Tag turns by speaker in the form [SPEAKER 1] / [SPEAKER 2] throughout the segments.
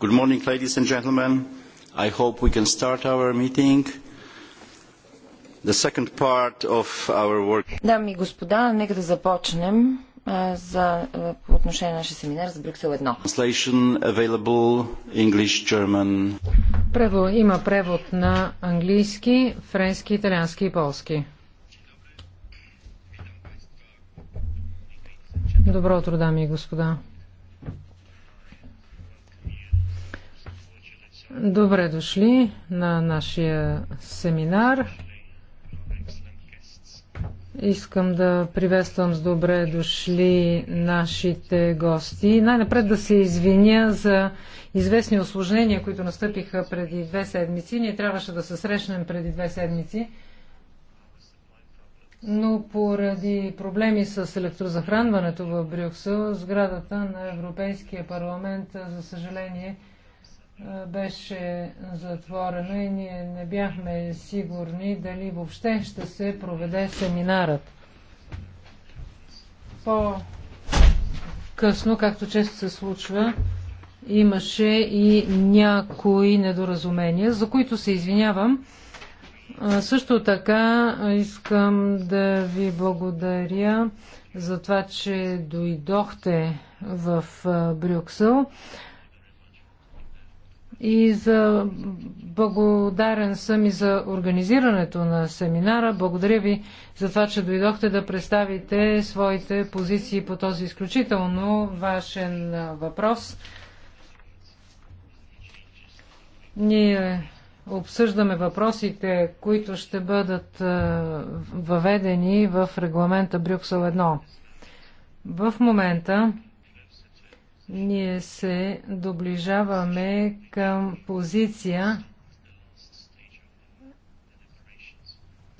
[SPEAKER 1] Good morning, ladies and gentlemen. I hope we can start our meeting. The second part of our work.
[SPEAKER 2] Дами и господа, нека да започнем за, по отношение на нашия семинар за Брюксел 1.
[SPEAKER 1] Translation available English, German.
[SPEAKER 2] Превод, има превод
[SPEAKER 3] на английски, френски, италиански и полски. Добро утро, дами и господа. Добре дошли на нашия семинар. Искам да приветствам с добре дошли нашите гости. Най-напред да се извиня за известни осложнения, които настъпиха преди две седмици. Ние трябваше да се срещнем преди две седмици, но поради проблеми с електрозахранването в Брюксел, сградата на Европейския парламент, за съжаление, беше затворено и ние не бяхме сигурни дали въобще ще се проведе семинарът. По-късно, както често се случва, имаше и някои недоразумения, за които се извинявам. Също така искам да ви благодаря за това, че дойдохте в Брюксел и за благодарен съм и за организирането на семинара. Благодаря ви за това, че дойдохте да представите своите позиции по този изключително вашен въпрос. Ние обсъждаме въпросите, които ще бъдат въведени в регламента Брюксел 1. В момента ние се доближаваме към позиция.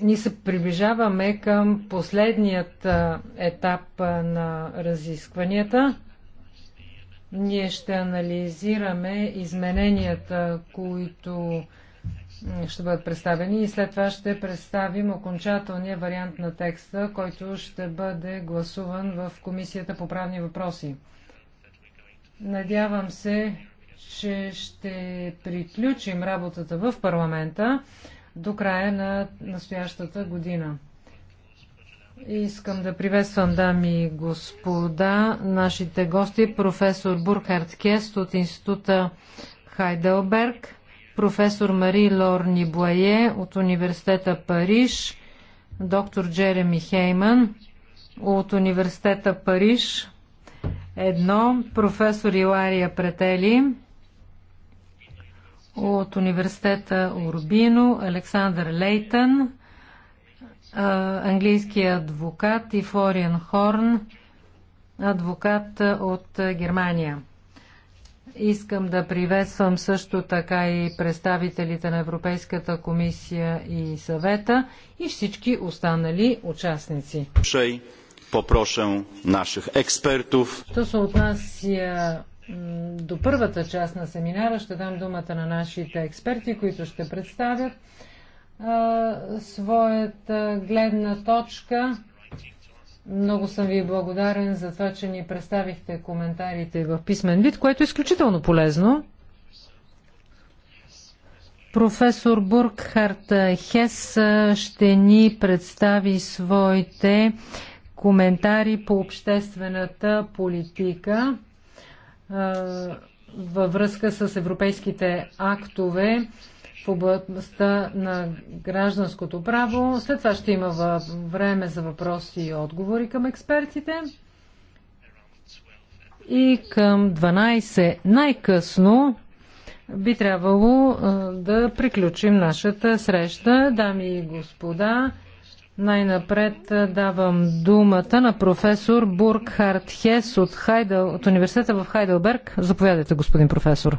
[SPEAKER 3] Ние се приближаваме към последният етап на разискванията. Ние ще анализираме измененията, които ще бъдат представени и след това ще представим окончателния вариант на текста, който ще бъде гласуван в Комисията по правни въпроси. Надявам се, че ще приключим работата в парламента до края на настоящата година. Искам да приветствам, дами и господа, нашите гости, професор Бурхард Кест от Института Хайделберг, професор Мари Лорни Буае от Университета Париж, доктор Джереми Хейман от Университета Париж, Едно, професор Илария Претели от университета Урбино, Александър Лейтън, английски адвокат и Флориан Хорн, адвокат от Германия. Искам да приветствам също така и представителите на Европейската комисия и съвета и всички останали участници
[SPEAKER 1] poproszę naszych експертов.
[SPEAKER 3] To се od nas до първата част на семинара ще дам думата на нашите експерти, които ще представят а, своята гледна точка. Много съм ви благодарен за това, че ни представихте коментарите в писмен вид, което е изключително полезно. Професор Бургхарт Хес ще ни представи своите коментари по обществената политика във връзка с европейските актове в областта на гражданското право. След това ще има време за въпроси и отговори към експертите. И към 12 най-късно би трябвало да приключим нашата среща. Дами и господа, най-напред давам думата на професор Бургхард Хес от, Хайдъл, от университета в Хайдълберг. Заповядайте, господин професор.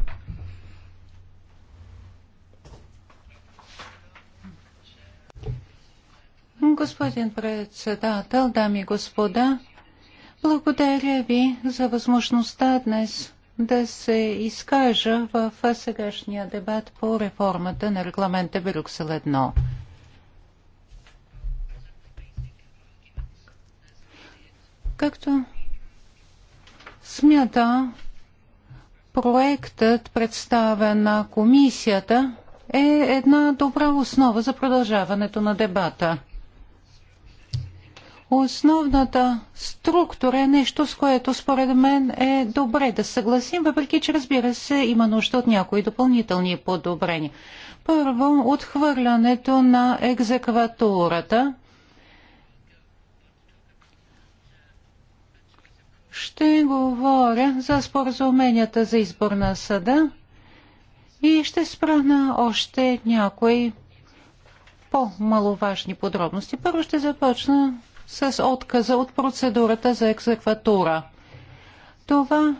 [SPEAKER 1] Господин председател, дами и господа, благодаря ви за възможността днес да се изкажа в сегашния дебат по реформата на регламента Брюксел 1. Както смята проектът, представен на комисията, е една добра основа за продължаването на дебата. Основната структура е нещо, с което според мен е добре да съгласим, въпреки че разбира се има нужда от някои допълнителни подобрения. Първо, отхвърлянето на екзекватурата – ще говоря за споразуменията за избор на съда и ще спра на още някои по-маловажни подробности. Първо ще започна с отказа от процедурата за екзекватура. Това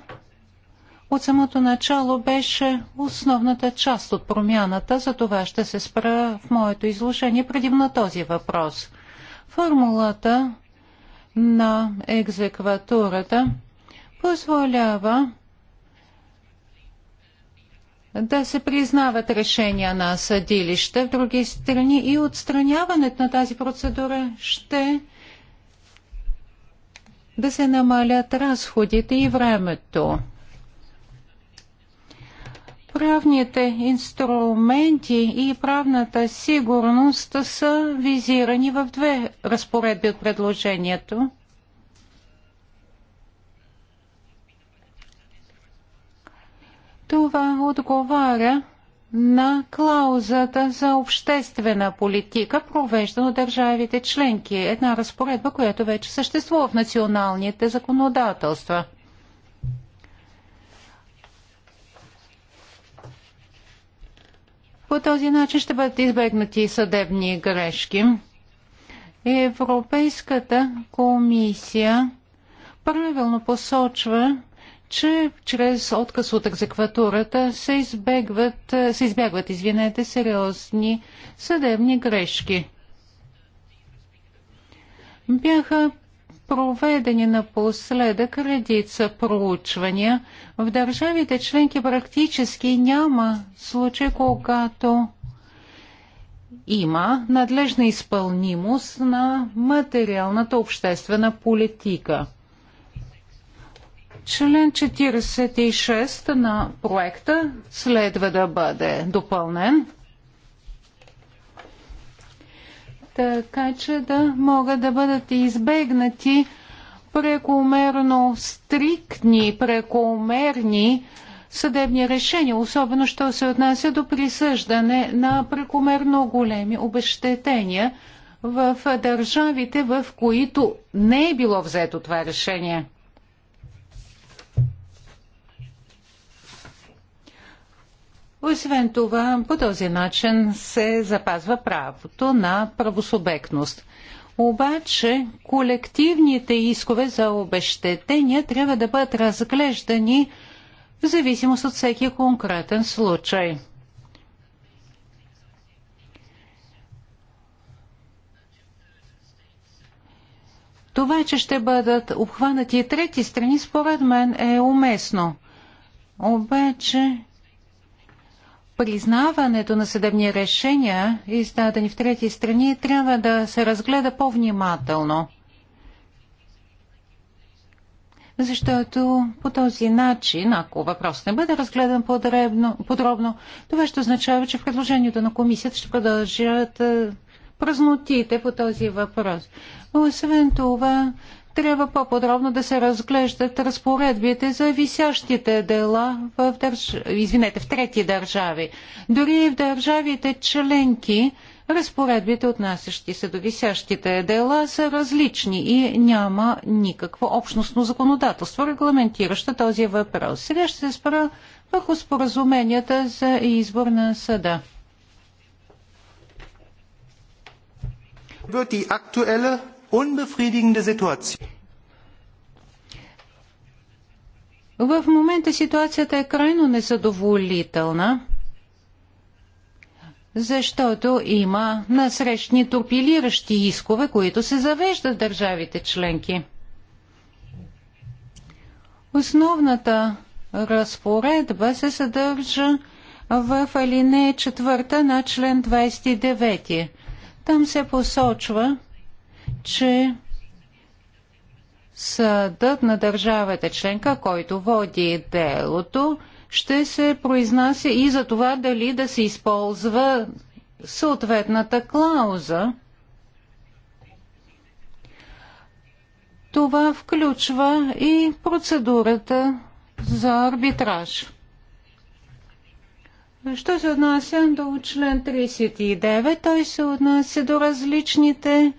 [SPEAKER 1] от самото начало беше основната част от промяната, за това ще се спра в моето изложение предимно на този въпрос. Формулата на екзекватурата позволява да се признават решения на съдилища в други страни и отстраняването на тази процедура ще да се намалят разходите и времето правните инструменти и правната сигурност са визирани в две разпоредби от предложението. Това отговаря на клаузата за обществена политика, провеждана от държавите членки. Една разпоредба, която вече съществува в националните законодателства – По този начин ще бъдат избегнати съдебни грешки. Европейската комисия правилно посочва, че чрез отказ от екзекватурата се избягват, се избягват извинете, сериозни съдебни грешки. Бяха проведени напоследък редица проучвания. В държавите членки практически няма случай, когато има надлежна изпълнимост на материалната обществена политика. Член 46 на проекта следва да бъде допълнен така че да могат да бъдат избегнати прекомерно стриктни, прекомерни съдебни решения, особено що се отнася до присъждане на прекомерно големи обещетения в държавите, в които не е било взето това решение. Освен това, по този начин се запазва правото на правосубектност. Обаче колективните искове за обещетения трябва да бъдат разглеждани в зависимост от всеки конкретен случай. Това, че ще бъдат обхванати и трети страни, според мен е уместно. Обаче признаването на съдебни решения, издадени в трети страни, трябва да се разгледа по-внимателно. Защото по този начин, ако въпрос не бъде разгледан подребно, подробно, това ще означава, че в предложението на комисията ще продължат е, празнотите по този въпрос. Освен това, трябва по-подробно да се разглеждат разпоредбите за висящите дела в, държ... Извинете, в трети държави. Дори и в държавите членки разпоредбите, отнасящи се до висящите дела, са различни и няма никакво общностно законодателство, регламентиращо този въпрос. Сега ще се спра върху споразуменията за избор на съда. Wird die aktuelle Unbefriedigende Situation. В момента ситуацията е крайно незадоволителна, защото има насрещни турпилиращи искове, които се завеждат в държавите членки. Основната разпоредба се съдържа в алинея 4 на член 29. Там се посочва, че съдът на държавата членка, който води делото, ще се произнася и за това дали да се използва съответната клауза. Това включва и процедурата за арбитраж. Що се отнася до член 39, той се отнася до различните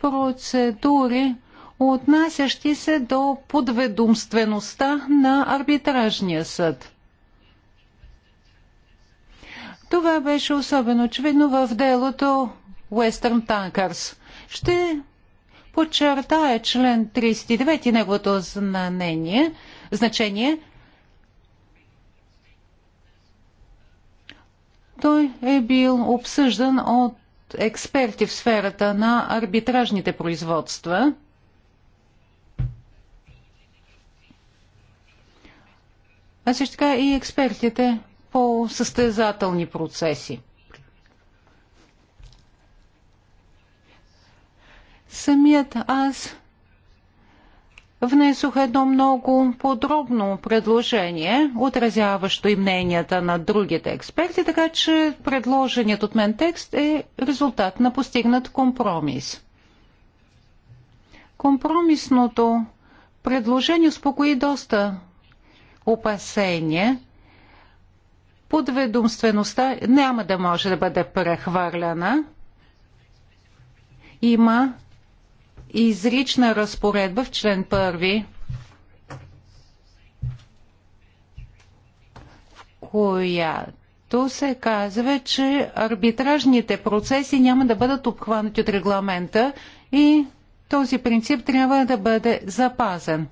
[SPEAKER 1] процедури, отнасящи се до подведомствеността на арбитражния съд. Това беше особено очевидно в делото Western Tankers. Ще подчертая член 39 и неговото знание, значение. Той е бил обсъждан от експерти в сферата на арбитражните производства. а също така и експертите по състезателни процеси. Самият аз внесох едно много подробно предложение, отразяващо и мненията на другите експерти, така че предложеният от мен текст е резултат на постигнат компромис. Компромисното предложение успокои доста опасения. Подведомствеността няма да може да бъде прехвърляна. Има изрична разпоредба в член 1, в която се казва, че арбитражните процеси няма да бъдат обхванати от регламента и този принцип трябва да бъде запазен.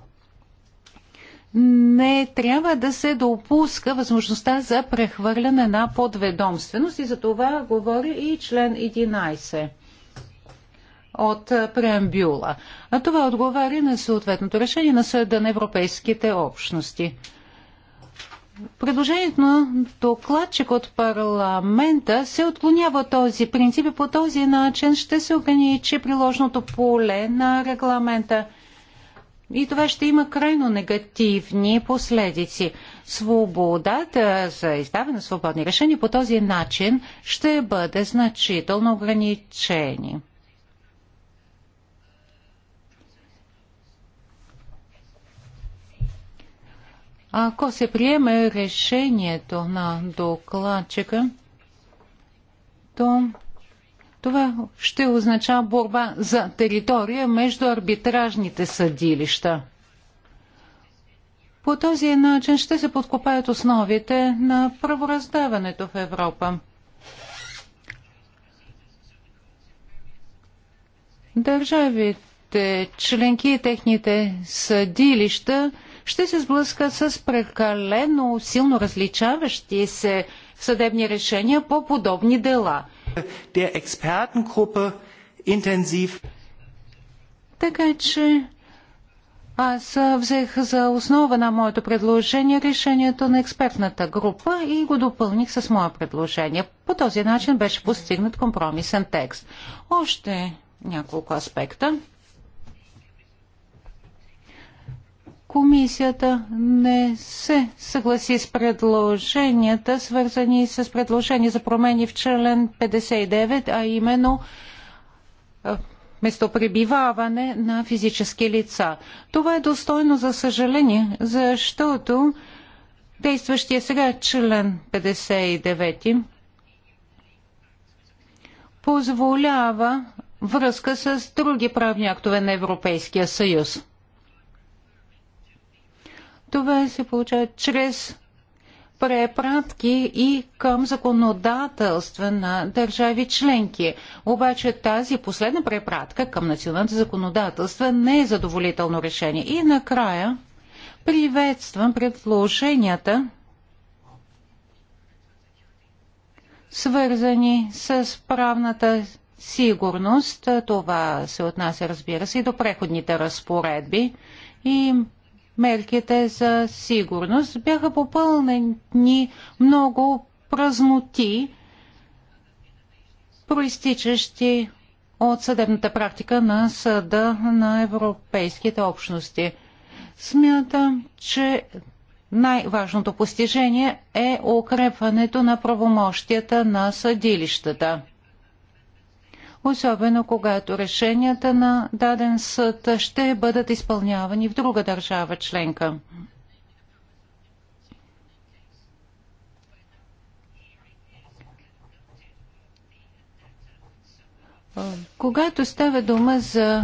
[SPEAKER 1] Не трябва да се допуска възможността за прехвърляне на подведомственост и за това говори и член 11 от преамбюла. А това отговаря на съответното решение на Съда на Европейските общности. Предложението на докладчик от парламента се отклонява от този принцип и по този начин ще се ограничи приложното поле на регламента. И това ще има крайно негативни последици. Свободата за издаване на свободни решения по този начин ще бъде значително ограничени. Ако се приеме решението на докладчика, то това ще означава борба за територия между арбитражните съдилища. По този начин ще се подкопаят основите на правораздаването в Европа. Държавите членки и техните съдилища ще се сблъскат с прекалено силно различаващи се съдебни решения по подобни дела. Така че аз взех за основа на моето предложение решението на експертната група и го допълних с мое предложение. По този начин беше постигнат компромисен текст. Още няколко аспекта. Комисията не се съгласи с предложенията, свързани с предложение за промени в член 59, а именно местопребиваване на физически лица. Това е достойно за съжаление, защото действащия сега член 59 позволява връзка с други правни актове на Европейския съюз. Това се получава чрез препратки и към законодателства на държави членки. Обаче тази последна препратка към националните законодателства не е задоволително решение. И накрая приветствам предложенията, свързани с правната сигурност. Това се отнася, разбира се, и до преходните разпоредби. И мерките за сигурност. Бяха попълнени много празноти, проистичащи от съдебната практика на Съда на Европейските общности. Смятам, че най-важното постижение е укрепването на правомощията на съдилищата особено когато решенията на даден съд ще бъдат изпълнявани в друга държава членка. Когато става дума за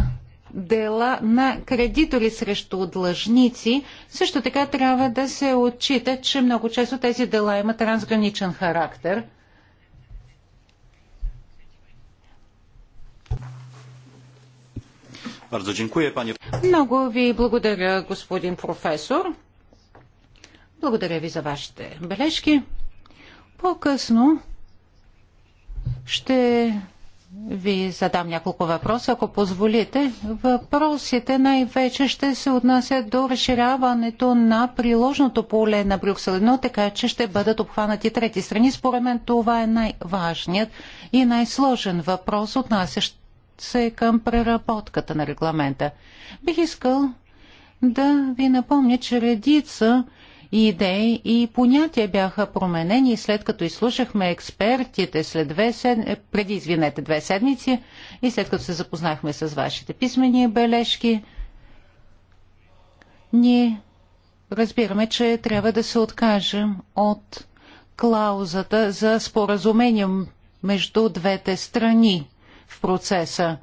[SPEAKER 1] дела на кредитори срещу длъжници, също така трябва да се отчита, че много често тези дела имат трансграничен характер. Bardzo dziękuję, panie... Много ви благодаря, господин професор. Благодаря ви за вашите бележки. По-късно ще ви задам няколко въпроса, ако позволите. Въпросите най-вече ще се отнасят до разширяването на приложното поле на Брюксел 1, така че ще бъдат обхванати трети страни. Според мен това е най-важният и най-сложен въпрос, отнасящ се към преработката на регламента. Бих искал да ви напомня, че редица идеи и понятия бяха променени след като изслушахме експертите след две сед... Е, преди извинете две седмици и след като се запознахме с вашите писмени бележки. Ние разбираме, че трябва да се откажем от клаузата за споразумение между двете страни в процеса.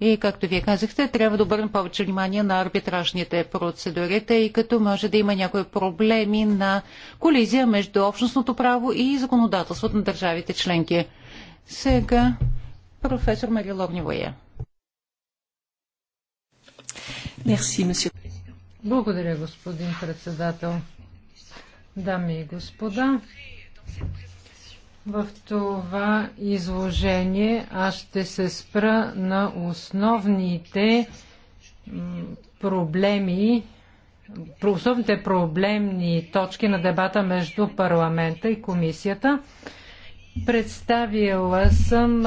[SPEAKER 1] И, както вие казахте, трябва да обърнем повече внимание на арбитражните процедури, тъй като може да има някои проблеми на колизия между общностното право и законодателството на държавите членки. Сега професор Мария Логневоя.
[SPEAKER 3] Благодаря, господин председател. Дами и господа, в това изложение аз ще се спра на основните проблеми, основните проблемни точки на дебата между парламента и комисията. Представила съм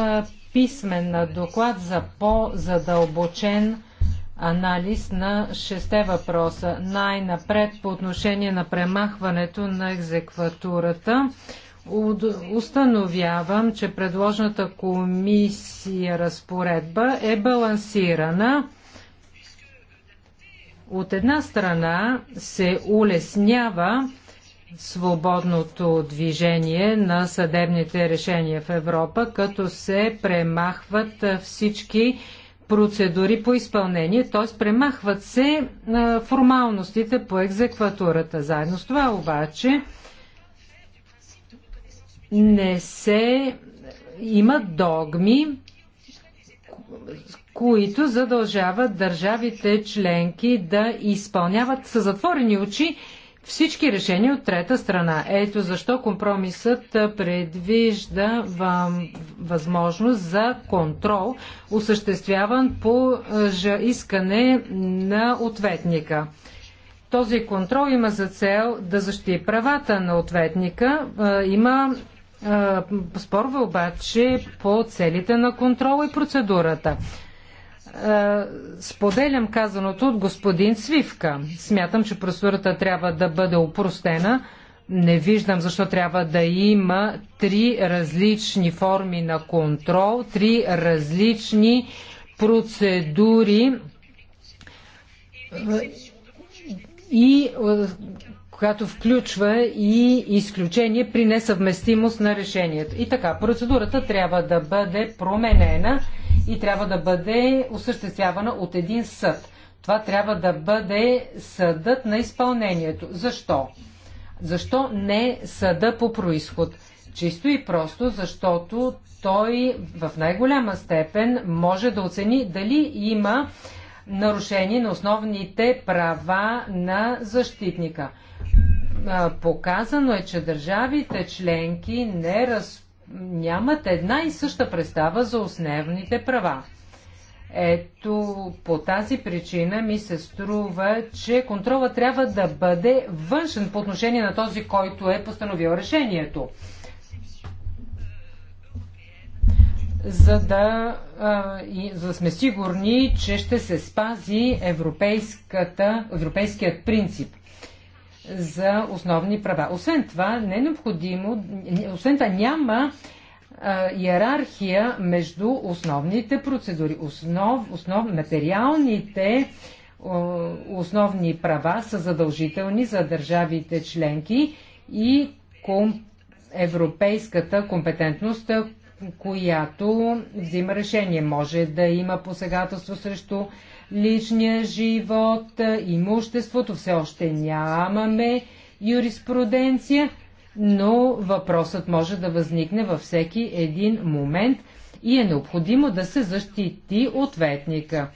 [SPEAKER 3] писмен на доклад за по-задълбочен анализ на шесте въпроса. Най-напред по отношение на премахването на екзекватурата установявам, че предложената комисия разпоредба е балансирана. От една страна се улеснява свободното движение на съдебните решения в Европа, като се премахват всички процедури по изпълнение, т.е. премахват се формалностите по екзекватурата. Заедно с това обаче не се има догми, които задължават държавите членки да изпълняват с затворени очи всички решения от трета страна. Ето защо компромисът предвижда възможност за контрол, осъществяван по искане на ответника. Този контрол има за цел да защити правата на ответника. Има спорове обаче по целите на контрола и процедурата. Споделям казаното от господин Свивка. Смятам, че процедурата трябва да бъде упростена. Не виждам защо трябва да има три различни форми на контрол, три различни процедури и която включва и изключение при несъвместимост на решението. И така, процедурата трябва да бъде променена и трябва да бъде осъществявана от един съд. Това трябва да бъде съдът на изпълнението. Защо? Защо не съда по происход? Чисто и просто, защото той в най-голяма степен може да оцени дали има нарушение на основните права на защитника показано е, че държавите членки не раз... нямат една и съща представа за основните права. Ето, по тази причина ми се струва, че контрола трябва да бъде външен по отношение на този, който е постановил решението. За да, за да сме сигурни, че ще се спази европейският принцип – за основни права. Освен това, не е необходимо, освен това няма иерархия между основните процедури. Основ, основ, материалните основни права са задължителни за държавите членки и ком, европейската компетентност, която взима решение. Може да има посегателство срещу личния живот, имуществото. Все още нямаме юриспруденция, но въпросът може да възникне във всеки един момент и е необходимо да се защити ответника.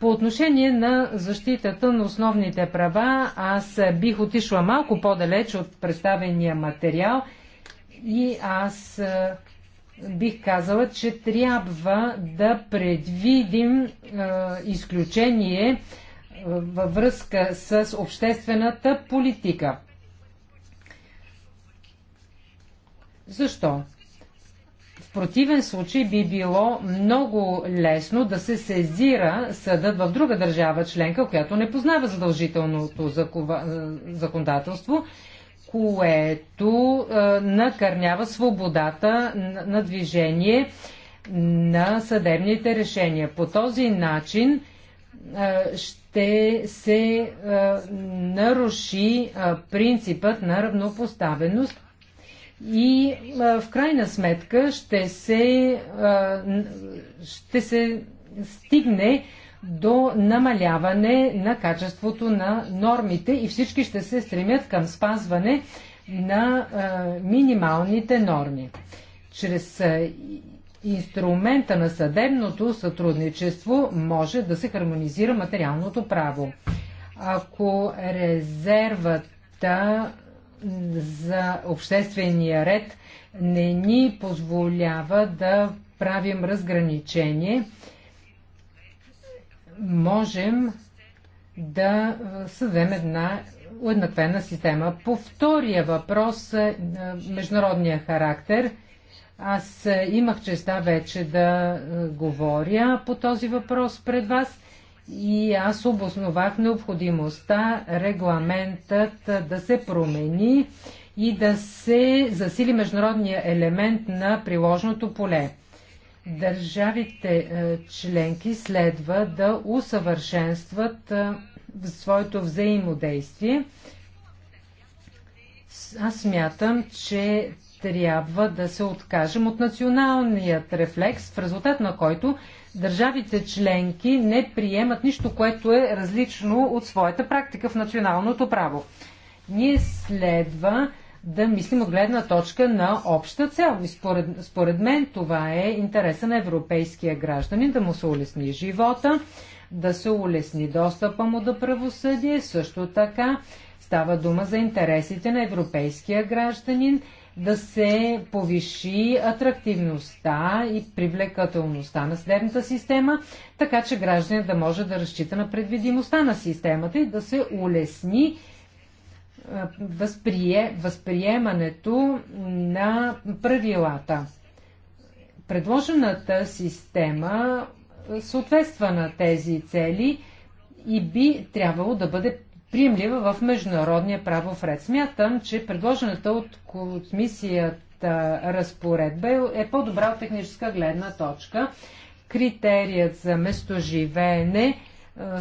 [SPEAKER 3] По отношение на защитата на основните права, аз бих отишла малко по-далеч от представения материал и аз бих казала, че трябва да предвидим е, изключение е, във връзка с обществената политика. Защо? В противен случай би било много лесно да се сезира съдът в друга държава членка, която не познава задължителното законодателство което е, накърнява свободата на движение на съдебните решения. По този начин е, ще се е, наруши принципът на равнопоставеност и в крайна сметка ще се, ще се стигне до намаляване на качеството на нормите и всички ще се стремят към спазване на минималните норми. Чрез инструмента на съдебното сътрудничество може да се хармонизира материалното право. Ако резервата за обществения ред не ни позволява да правим разграничение, можем да създадем една уеднаквена система. По втория въпрос, е, е, международния характер, аз е, имах честа вече да говоря по този въпрос пред вас и аз обосновах необходимостта регламентът да се промени и да се засили международния елемент на приложното поле. Държавите е, членки следва да усъвършенстват е, своето взаимодействие. Аз смятам, че трябва да се откажем от националният рефлекс, в резултат на който държавите членки не приемат нищо, което е различно от своята практика в националното право. Ние следва да мислим от гледна точка на обща цел. И според, според мен това е интереса на европейския гражданин да му се улесни живота, да се улесни достъпа му до правосъдие, също така става дума за интересите на европейския гражданин, да се повиши атрактивността и привлекателността на съдебната система, така че гражданин да може да разчита на предвидимостта на системата и да се улесни възприе, възприемането на правилата. Предложената система съответства на тези цели и би трябвало да бъде приемлива в международния правов ред. Смятам, че предложената от комисията разпоредба е по-добра от техническа гледна точка. Критерият за местоживеене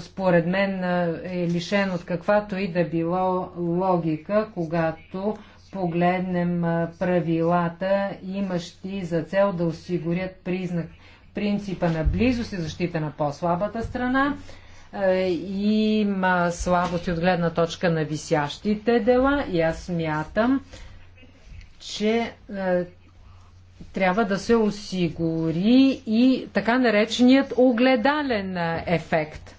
[SPEAKER 3] според мен е лишен от каквато и да било логика, когато погледнем правилата, имащи за цел да осигурят признак, принципа на близост и защита на по-слабата страна. Има слабости от гледна точка на висящите дела и аз смятам, че трябва да се осигури и така нареченият огледален ефект.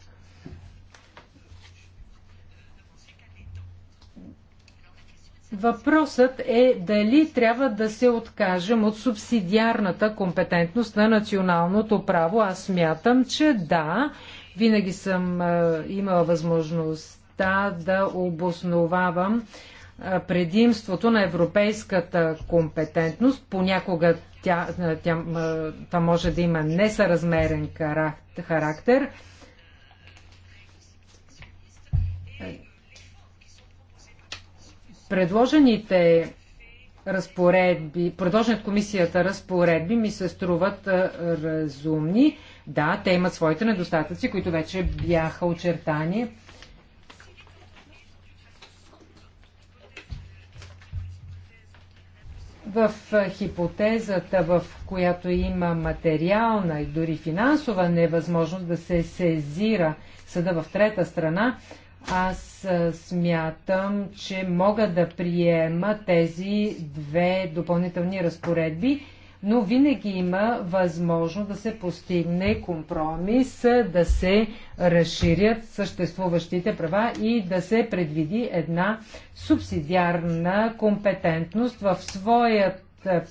[SPEAKER 3] Въпросът е дали трябва да се откажем от субсидиарната компетентност на националното право. Аз мятам, че да, винаги съм е, имала възможността да обосновавам е, предимството на европейската компетентност. Понякога тя, е, тя, тя, може да има несъразмерен характер Предложените разпоредби, предложените комисията разпоредби ми се струват разумни. Да, те имат своите недостатъци, които вече бяха очертани. в хипотезата, в която има материална и дори финансова невъзможност да се сезира съда в трета страна, аз смятам, че мога да приема тези две допълнителни разпоредби, но винаги има възможност да се постигне компромис, да се разширят съществуващите права и да се предвиди една субсидиарна компетентност. В своят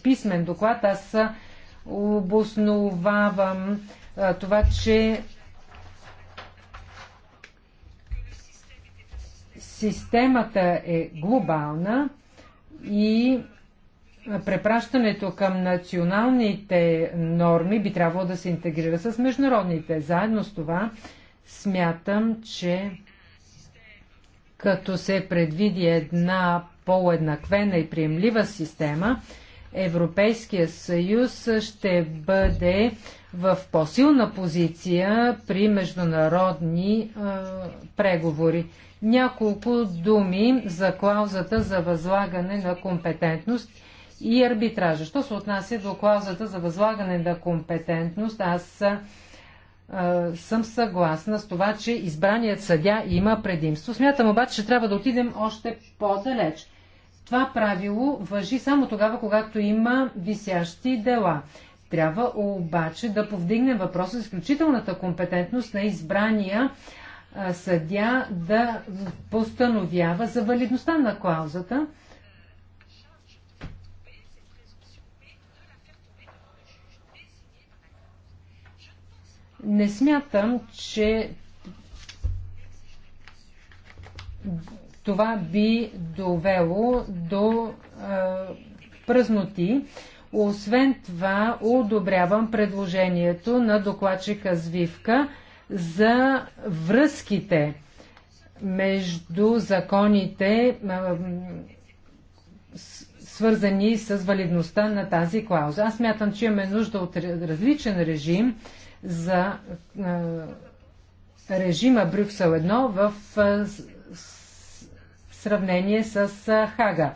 [SPEAKER 3] писмен доклад аз обосновавам това, че Системата е глобална и препращането към националните норми би трябвало да се интегрира с международните. Заедно с това смятам, че като се предвиди една по-еднаквена и приемлива система, Европейския съюз ще бъде в по-силна позиция при международни а, преговори. Няколко думи за клаузата за възлагане на компетентност и арбитража. Що се отнася до клаузата за възлагане на компетентност, аз съм съгласна с това, че избраният съдя има предимство. Смятам обаче, че трябва да отидем още по-далеч. Това правило въжи само тогава, когато има висящи дела. Трябва обаче да повдигнем въпроса за изключителната компетентност на избрания съдя да постановява за валидността на клаузата. Не смятам, че това би довело до а, празноти. Освен това, одобрявам предложението на докладчика Звивка за връзките между законите, свързани с валидността на тази клауза. Аз мятам, че имаме нужда от различен режим за режима Брюксел 1 в сравнение с Хага.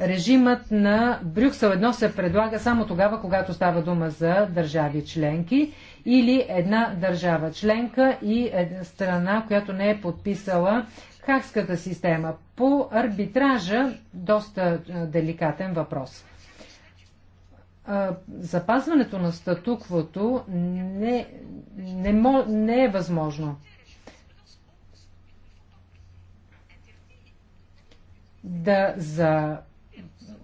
[SPEAKER 3] Режимът на Брюксел 1 се предлага само тогава, когато става дума за държави членки или една държава членка и една страна, която не е подписала хакската система. По арбитража доста е, деликатен въпрос. Е, запазването на статуквото не, не, мо, не е възможно. Да за...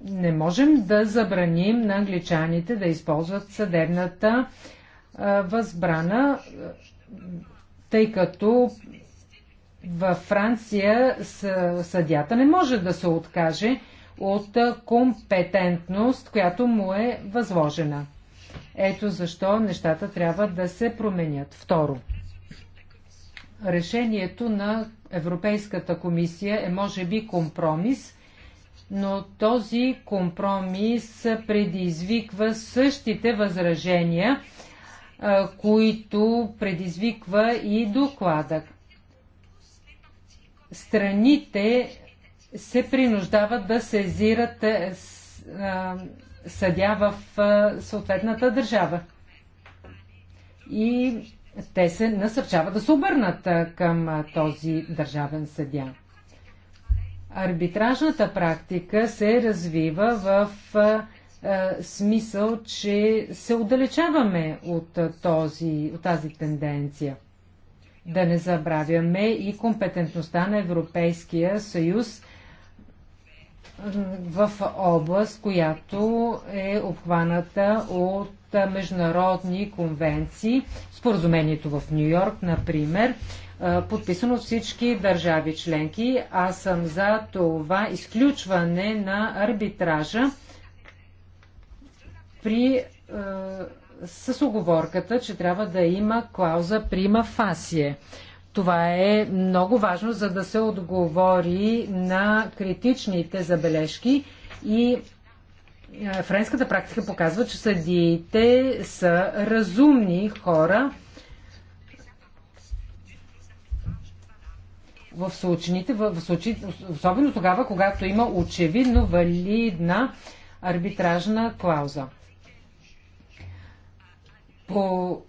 [SPEAKER 3] Не можем да забраним на англичаните да използват съдебната възбрана, тъй като във Франция съдята не може да се откаже от компетентност, която му е възложена. Ето защо нещата трябва да се променят. Второ, решението на Европейската комисия е може би компромис, но този компромис предизвиква същите възражения, които предизвиква и доклада. Страните се принуждават да сезират съдя в съответната държава. И те се насърчават да се обърнат към този държавен съдя. Арбитражната практика се развива в е, смисъл, че се отдалечаваме от, е, този, от тази тенденция. Да не забравяме и компетентността на Европейския съюз е, в област, която е обхваната от международни конвенции. Споразумението в Нью Йорк, например, подписано от всички държави членки. Аз съм за това изключване на арбитража при, е, с оговорката, че трябва да има клауза прима фасие. Това е много важно, за да се отговори на критичните забележки и е, френската практика показва, че съдиите са разумни хора. В случаите, в случаите, особено тогава, когато има очевидно валидна арбитражна клауза. По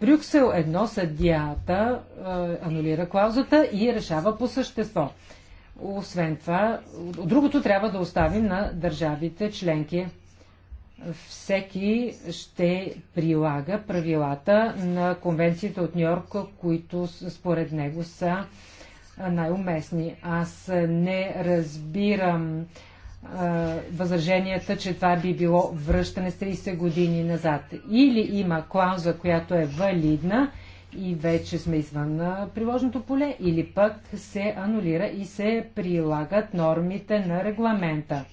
[SPEAKER 3] Брюксел едно съдията анулира клаузата и решава по същество. Освен това, другото трябва да оставим на държавите членки. Всеки ще прилага правилата на конвенцията от Нью-Йорк, които според него са най-уместни. Аз не разбирам възраженията, че това би било връщане с 30 години назад. Или има клауза, която е валидна и вече сме извън на приложното поле, или пък се анулира и се прилагат нормите на регламента.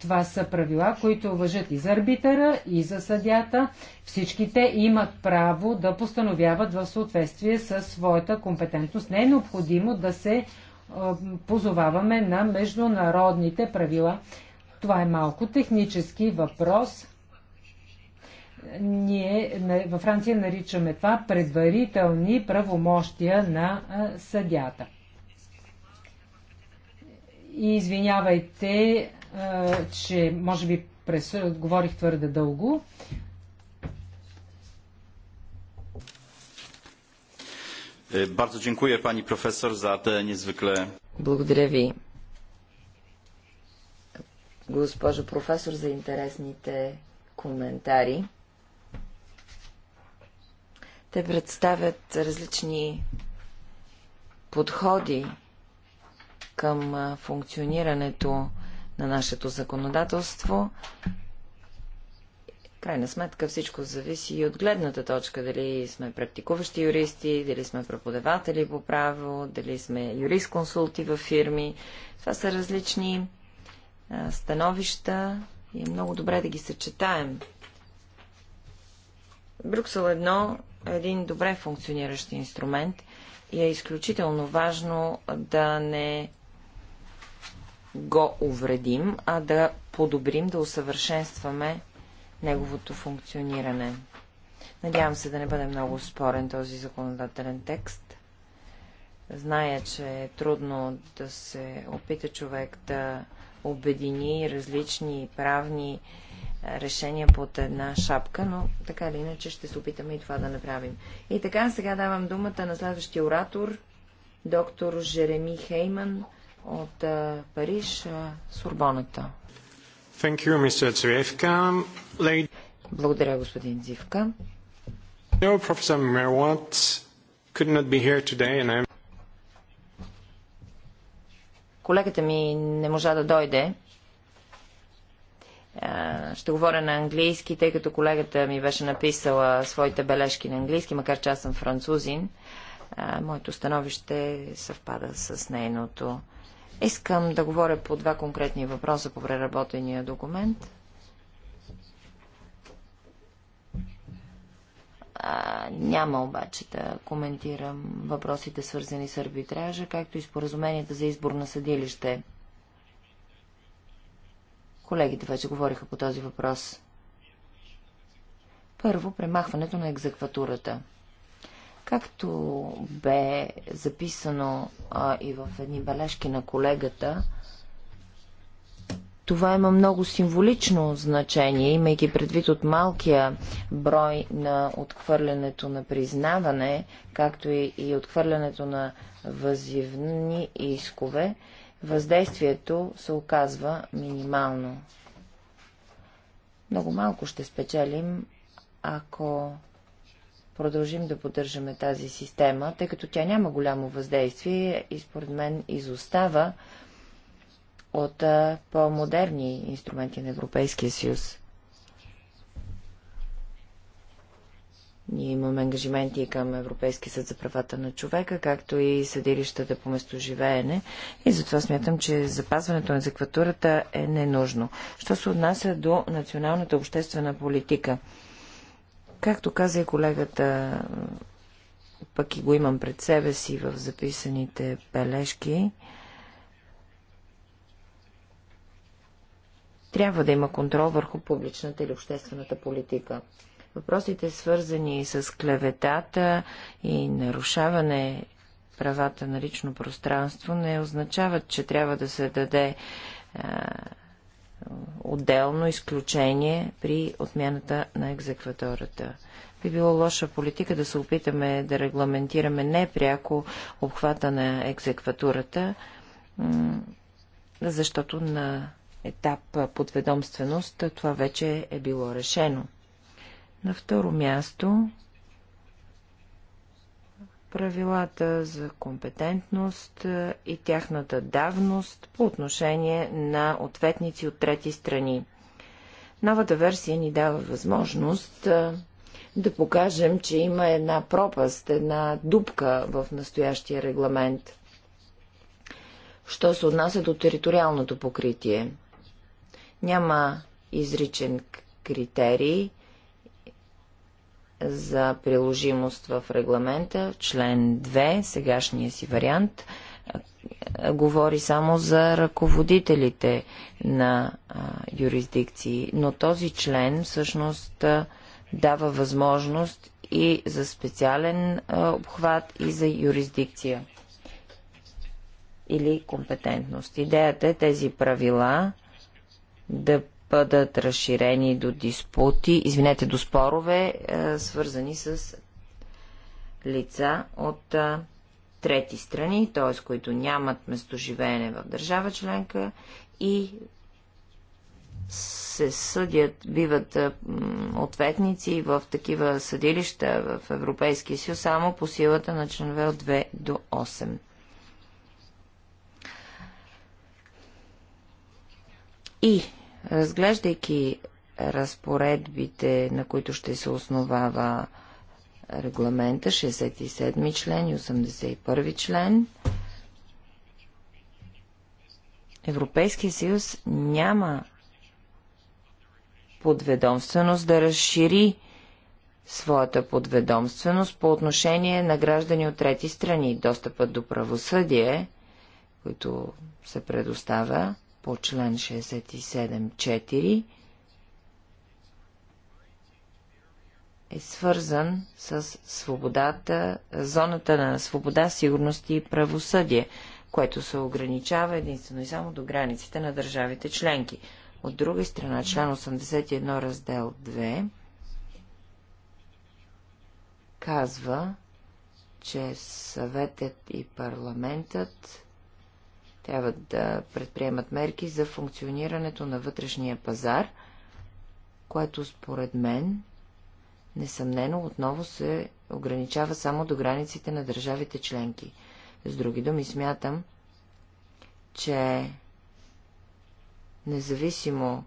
[SPEAKER 3] Това са правила, които въжат и за арбитъра, и за съдята. Всички те имат право да постановяват в съответствие с своята компетентност. Не е необходимо да се позоваваме на международните правила. Това е малко технически въпрос. Ние във Франция наричаме това предварителни правомощия на съдята. И извинявайте, че може би през... говорих твърде дълго,
[SPEAKER 1] Bardzo dziękuję pani profesor za te niezwykle...
[SPEAKER 2] Благодаря ви, госпожо професор, за интересните коментари. Те представят различни подходи към функционирането на нашето законодателство крайна сметка всичко зависи и от гледната точка, дали сме практикуващи юристи, дали сме преподаватели по право, дали сме юрисконсулти във фирми. Това са различни а, становища и е много добре да ги съчетаем. Брюксел 1 е един добре функциониращ инструмент и е изключително важно да не го увредим, а да подобрим, да усъвършенстваме неговото функциониране. Надявам се да не бъде много спорен този законодателен текст. Зная, че е трудно да се опита човек да обедини различни правни е, решения под една шапка, но така или иначе ще се опитаме и това да направим. И така, сега давам думата на следващия оратор, доктор Жереми Хейман от е, Париж, е, Сурбоната. Thank you, Mr. Lady... Благодаря, господин Зивка. No, could not
[SPEAKER 3] be here today and I'm...
[SPEAKER 2] Колегата ми не можа да дойде. Ще говоря на английски, тъй като колегата ми беше написала своите бележки на английски, макар че аз съм французин. Моето становище съвпада с нейното. Искам да говоря по два конкретни въпроса по преработения документ. А, няма обаче да коментирам въпросите свързани с арбитража, както и споразуменията за избор на съдилище. Колегите вече говориха по този въпрос. Първо, премахването на екзекватурата – Както бе записано а, и в едни бележки на колегата, това има много символично значение, имайки предвид от малкия брой на отхвърлянето на признаване, както и, и отхвърлянето на възивни искове, въздействието се оказва минимално. Много малко ще спечелим, ако продължим да поддържаме тази система, тъй като тя няма голямо въздействие и според мен изостава от по-модерни инструменти на Европейския съюз. Ние имаме ангажименти към Европейски съд за правата на човека, както и съдилищата по местоживеене. И затова смятам, че запазването на екватурата е ненужно. Що се отнася до националната обществена политика – Както каза и колегата, пък и го имам пред себе си в записаните бележки, трябва да има контрол върху публичната или обществената политика. Въпросите, свързани с клеветата и нарушаване правата на лично пространство, не означават, че трябва да се даде а, отделно изключение при отмяната на екзекватората. Би било лоша политика да се опитаме да регламентираме непряко обхвата на екзекватурата, защото на етап подведомственост това вече е било решено. На второ място правилата за компетентност е, и тяхната давност по отношение на ответници от трети страни. Новата версия ни дава възможност е, да покажем, че има една пропаст, една дупка в настоящия регламент, що се отнася до териториалното покритие. Няма изричен критерий – за приложимост в регламента, член 2, сегашния си вариант, говори само за ръководителите на а, юрисдикции, но този член всъщност а, дава възможност и за специален а, обхват и за юрисдикция или компетентност. Идеята е тези правила да бъдат разширени до диспути, извинете, до спорове, е, свързани с лица от е, трети страни, т.е. които нямат местоживеене в държава членка и се съдят, биват е, ответници в такива съдилища в Европейския съюз само по силата на членове от 2 до 8. И Разглеждайки разпоредбите, на които ще се основава регламента, 67 член и 81 член, Европейския съюз няма подведомственост да разшири своята подведомственост по отношение на граждани от трети страни. Достъпът до правосъдие, който се предоставя, по член 67.4 е свързан с свободата, зоната на свобода, сигурност и правосъдие, което се ограничава единствено и само до границите на държавите членки. От друга страна, член 81 раздел 2 казва, че съветът и парламентът трябва да предприемат мерки за функционирането на вътрешния пазар, което според мен несъмнено отново се ограничава само до границите на държавите членки. С други думи смятам, че независимо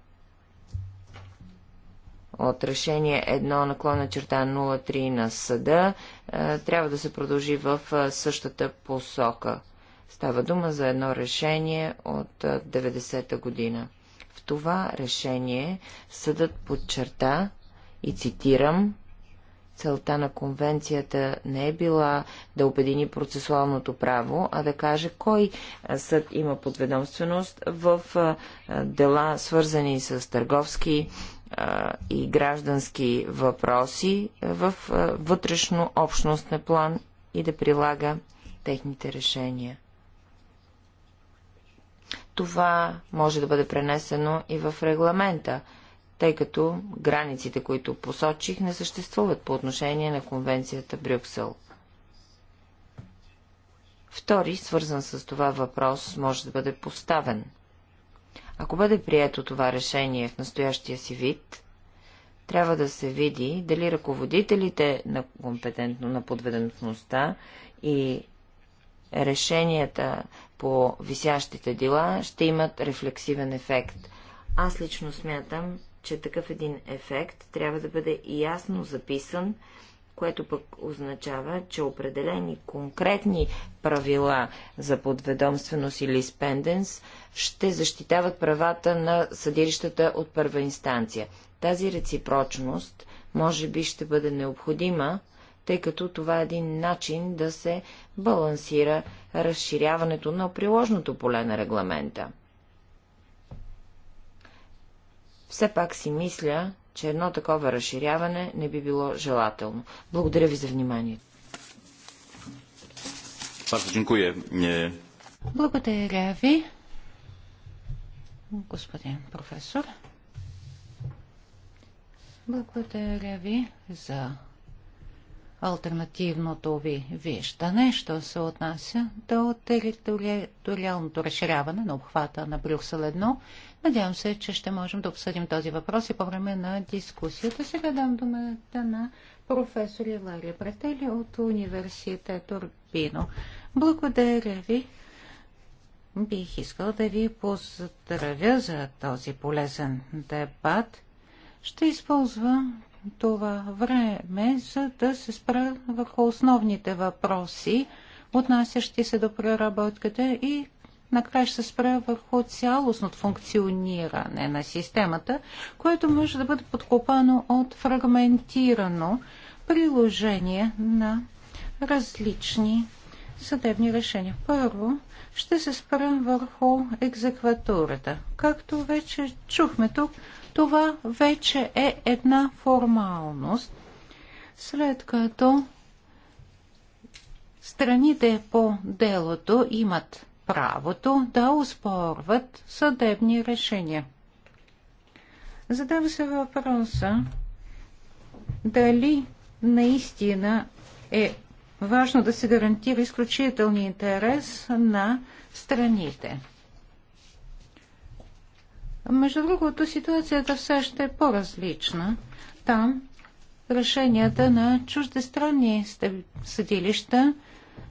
[SPEAKER 2] от решение 1 наклона черта 03 на съда, трябва да се продължи в същата посока – Става дума за едно решение от 90-та година. В това решение съдът подчерта и цитирам, целта на конвенцията не е била да обедини процесуалното право, а да каже кой съд има подведомственост в дела, свързани с търговски и граждански въпроси в вътрешно общностен план и да прилага техните решения. Това може да бъде пренесено и в регламента, тъй като границите, които посочих, не съществуват по отношение на конвенцията Брюксел. Втори, свързан с това въпрос, може да бъде поставен. Ако бъде прието това решение в настоящия си вид, трябва да се види дали ръководителите на компетентно на подведеността и решенията по висящите дела ще имат рефлексивен ефект. Аз лично смятам, че такъв един ефект трябва да бъде ясно записан, което пък означава, че определени конкретни правила за подведомственост или спенденс ще защитават правата на съдилищата от първа инстанция. Тази реципрочност може би ще бъде необходима, тъй като това е един начин да се балансира разширяването на приложното поле на регламента. Все пак си мисля, че едно такова разширяване не би било желателно. Благодаря ви за вниманието. Благодаря ви,
[SPEAKER 1] господин професор. Благодаря ви за альтернативното ви виждане, що се отнася до териториалното разширяване на обхвата на Брюксел 1. Надявам се, че ще можем да обсъдим този въпрос и по време на дискусията. Сега дам думата на професор Илария Претели от университет Урбино. Благодаря ви. Бих искал да ви поздравя за този полезен дебат. Ще използвам това време, за да се спра върху основните въпроси, отнасящи се до преработката и накрая ще се спра върху цялостното функциониране на системата, което може да бъде подкопано от фрагментирано приложение на различни съдебни решения. Първо, ще се спра върху екзекватурата. Както вече чухме тук, това вече е една формалност, след като страните по делото имат правото да успорват съдебни решения. Задава се въпроса дали наистина е важно да се гарантира изключителния интерес на страните. Между другото, ситуацията все ще е по-различна. Там решенията на чуждестранни съдилища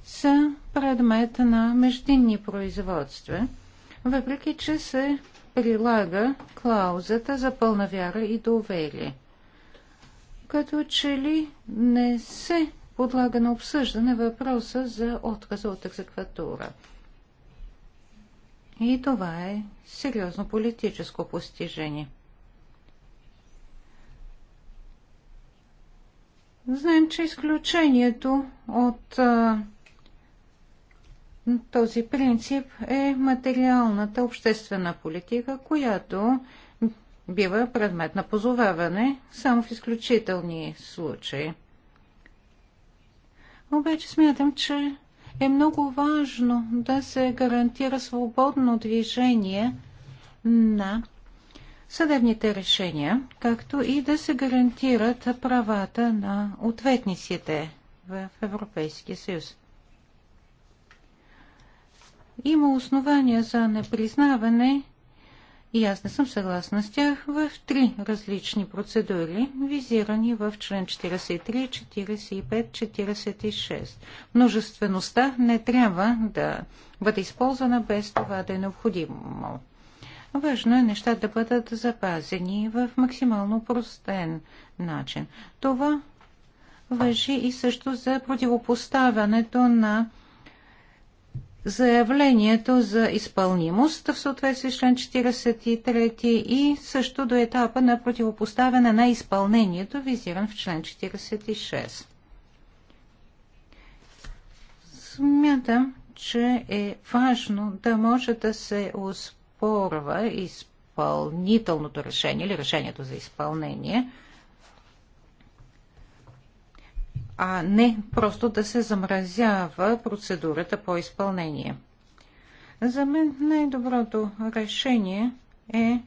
[SPEAKER 1] са предмет на междинни производства, въпреки че се прилага клаузата за пълна вяра и доверие. Като че ли не се подлага на обсъждане въпроса за отказа от екзекватура. И това е сериозно политическо постижение. Знаем, че изключението от а, този принцип е материалната обществена политика, която бива предмет на позоваване само в изключителни случаи. Обаче смятам, че е много важно да се гарантира свободно движение на съдебните решения, както и да се гарантират правата на ответниците в Европейския съюз. Има основания за непризнаване и аз не съм съгласна с тях, в три различни процедури, визирани в член 43, 45, 46. Множествеността не трябва да бъде използвана без това да е необходимо. Важно е нещата да бъдат запазени в максимално простен начин. Това въжи и също за противопоставянето на заявлението за изпълнимост в съответствие с член 43 и също до етапа на противопоставяне на изпълнението, визиран в член 46. Смятам, че е важно да може да се успорва изпълнителното решение или решението за изпълнение – а не просто да се замразява процедурата по изпълнение. За мен най-доброто решение е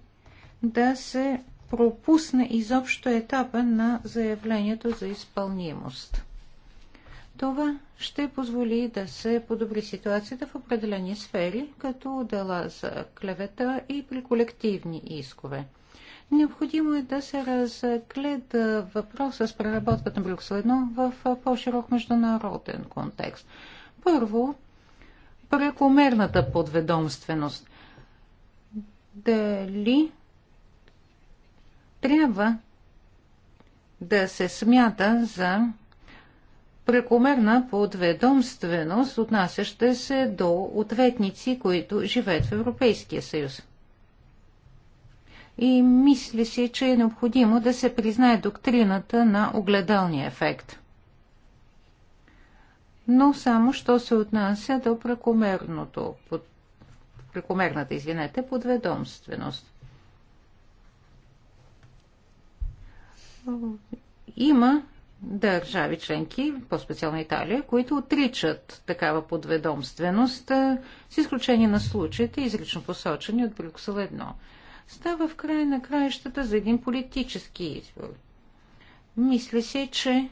[SPEAKER 1] да се пропусне изобщо етапа на заявлението за изпълнимост. Това ще позволи да се подобри ситуацията в определени сфери, като дела за клевета и при колективни искове. Необходимо е да се разгледа въпроса с преработката на Брюксел 1 в по-широк международен контекст. Първо, прекомерната подведомственост. Дали трябва да се смята за прекомерна подведомственост, отнасяща се до ответници, които живеят в Европейския съюз и мисли си, че е необходимо да се признае доктрината на огледалния ефект. Но само, що се отнася до прекомерното, под, прекомерната, извинете, подведомственост. Има държави членки, по-специално Италия, които отричат такава подведомственост, с изключение на случаите, изрично посочени от Брюксел става в край на краищата за един политически избор. Мисля се, че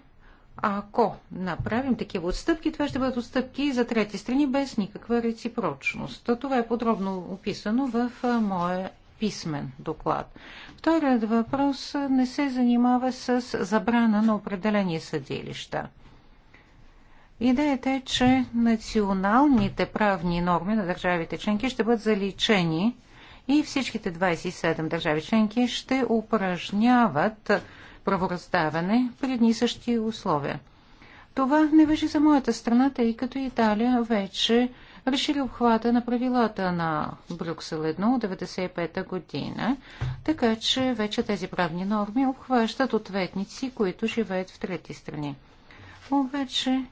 [SPEAKER 1] ако направим такива отстъпки, това ще бъдат отстъпки и за трети страни без никаква реципрочност. Това е подробно описано в моя писмен доклад. Вторият въпрос не се занимава с забрана на определени съдилища. Идеята е, че националните правни норми на държавите членки ще бъдат заличени и всичките 27 държави членки ще упражняват правораздаване при едни същи условия. Това не въжи за моята страна, тъй като Италия вече решили обхвата на правилата на Брюксел 1 от 1995 година, така че вече тези правни норми обхващат ответници, които живеят в трети страни. Обаче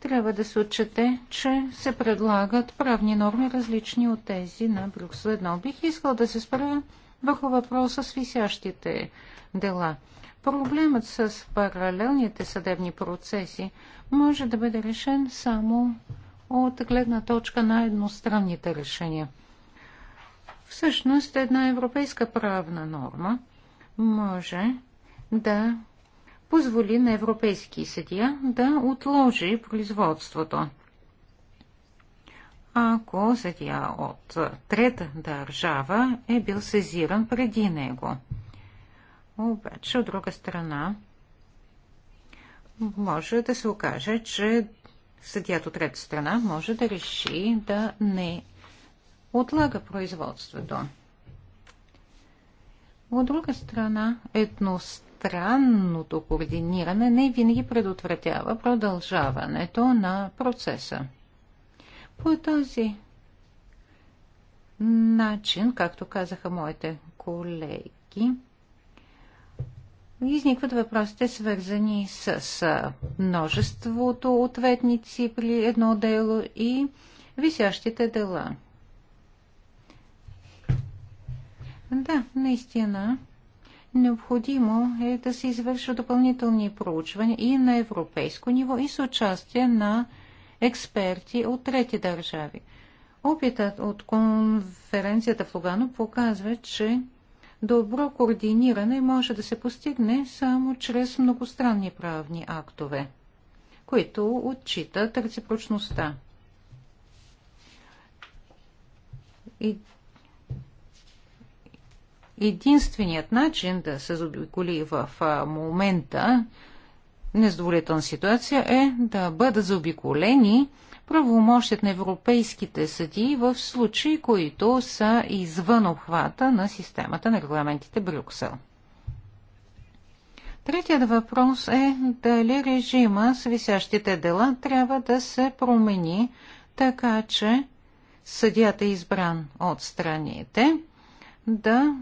[SPEAKER 1] трябва да се отчете, че се предлагат правни норми, различни от тези на Брюксел 1. Бих искал да се спра върху въпроса с висящите дела. Проблемът с паралелните съдебни процеси може да бъде решен само от гледна точка на едностранните решения. Всъщност една европейска правна норма може да позволи на европейски съдия да отложи производството. Ако съдия от трета държава е бил сезиран преди него. Обаче, от друга страна, може да се окаже, че съдият от трета страна може да реши да не отлага производството. От друга страна, едност странното координиране не винаги предотвратява продължаването на процеса. По този начин, както казаха моите колеги, изникват въпросите свързани с множеството ответници при едно дело и висящите дела. Да, наистина. Необходимо е да се извършва допълнителни проучвания и на европейско ниво, и с участие на експерти от трети държави. Опитът от конференцията в Лугано показва, че добро координиране може да се постигне само чрез многостранни правни актове, които отчитат реципрочността. Единственият начин да се заобиколи в момента незадоволителна ситуация е да бъдат заобиколени правомощият на европейските съдии в случаи, които са извън обхвата на системата на регламентите Брюксел. Третият въпрос е дали режима с висящите дела трябва да се промени така, че съдята избран от страните да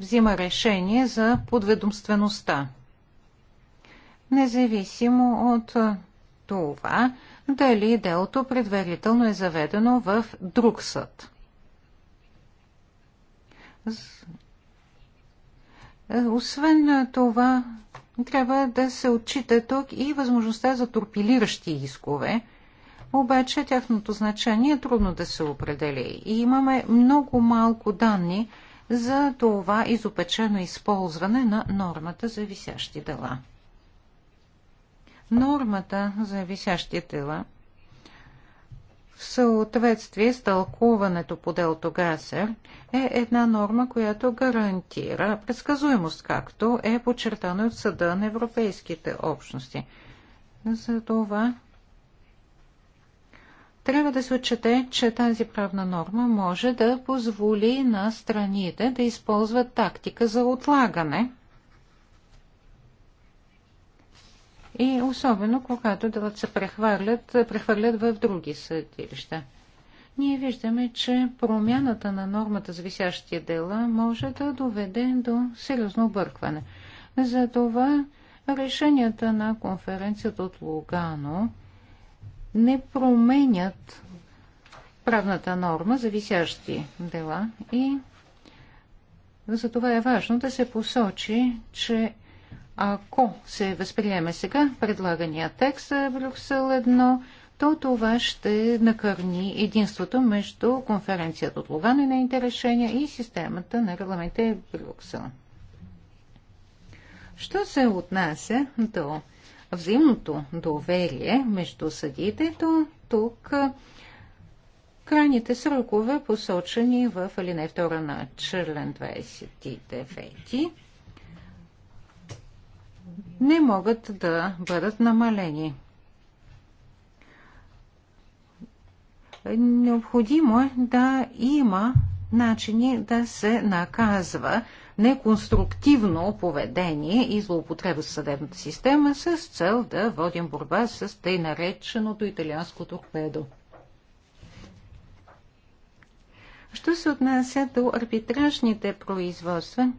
[SPEAKER 1] взима решение за подведомствеността. Независимо от това, дали делото предварително е заведено в друг съд. Е, освен това, трябва да се отчита тук и възможността за турпилиращи искове, обаче тяхното значение е трудно да се определи. И имаме много малко данни, за това изопечено използване на нормата за висящи дела. Нормата за висящи дела в съответствие с тълкуването по делото Гасер е една норма, която гарантира предсказуемост, както е подчертано от Съда на Европейските общности. За това. Трябва да се отчете, че тази правна норма може да позволи на страните да използват тактика за отлагане. И особено когато делата се прехвърлят, прехвърлят в други съдилища. Ние виждаме, че промяната на нормата за висящия дела може да доведе до сериозно объркване. Затова решенията на конференцията от Лугано – не променят правната норма за висящи дела и затова е важно да се посочи, че ако се възприеме сега предлагания текст за Брюксел 1, то това ще накърни единството между конференцията от Луган на нейните решения и системата на регламента Брюксел. Що се отнася до взаимното доверие между съдиите, то тук крайните срокове, посочени в алине 2 на член 29, не могат да бъдат намалени. Необходимо е да има начини да се наказва неконструктивно поведение и злоупотреба с съдебната система с цел да водим борба с тъй нареченото италианско торпедо. Що се отнася до арбитражните производства,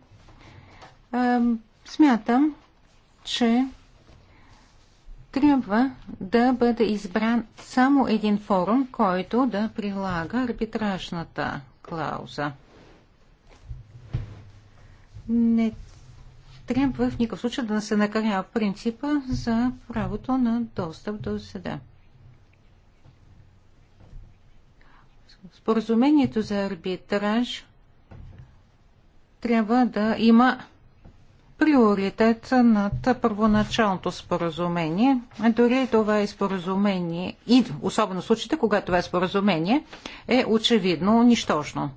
[SPEAKER 1] смятам, че трябва да бъде избран само един форум, който да прилага арбитражната клауза не трябва в никакъв случай да се накарява принципа за правото на достъп до съда. Споразумението за арбитраж трябва да има приоритет над първоначалното споразумение. Дори това е споразумение и особено в случаите, когато това е споразумение, е очевидно нищожно.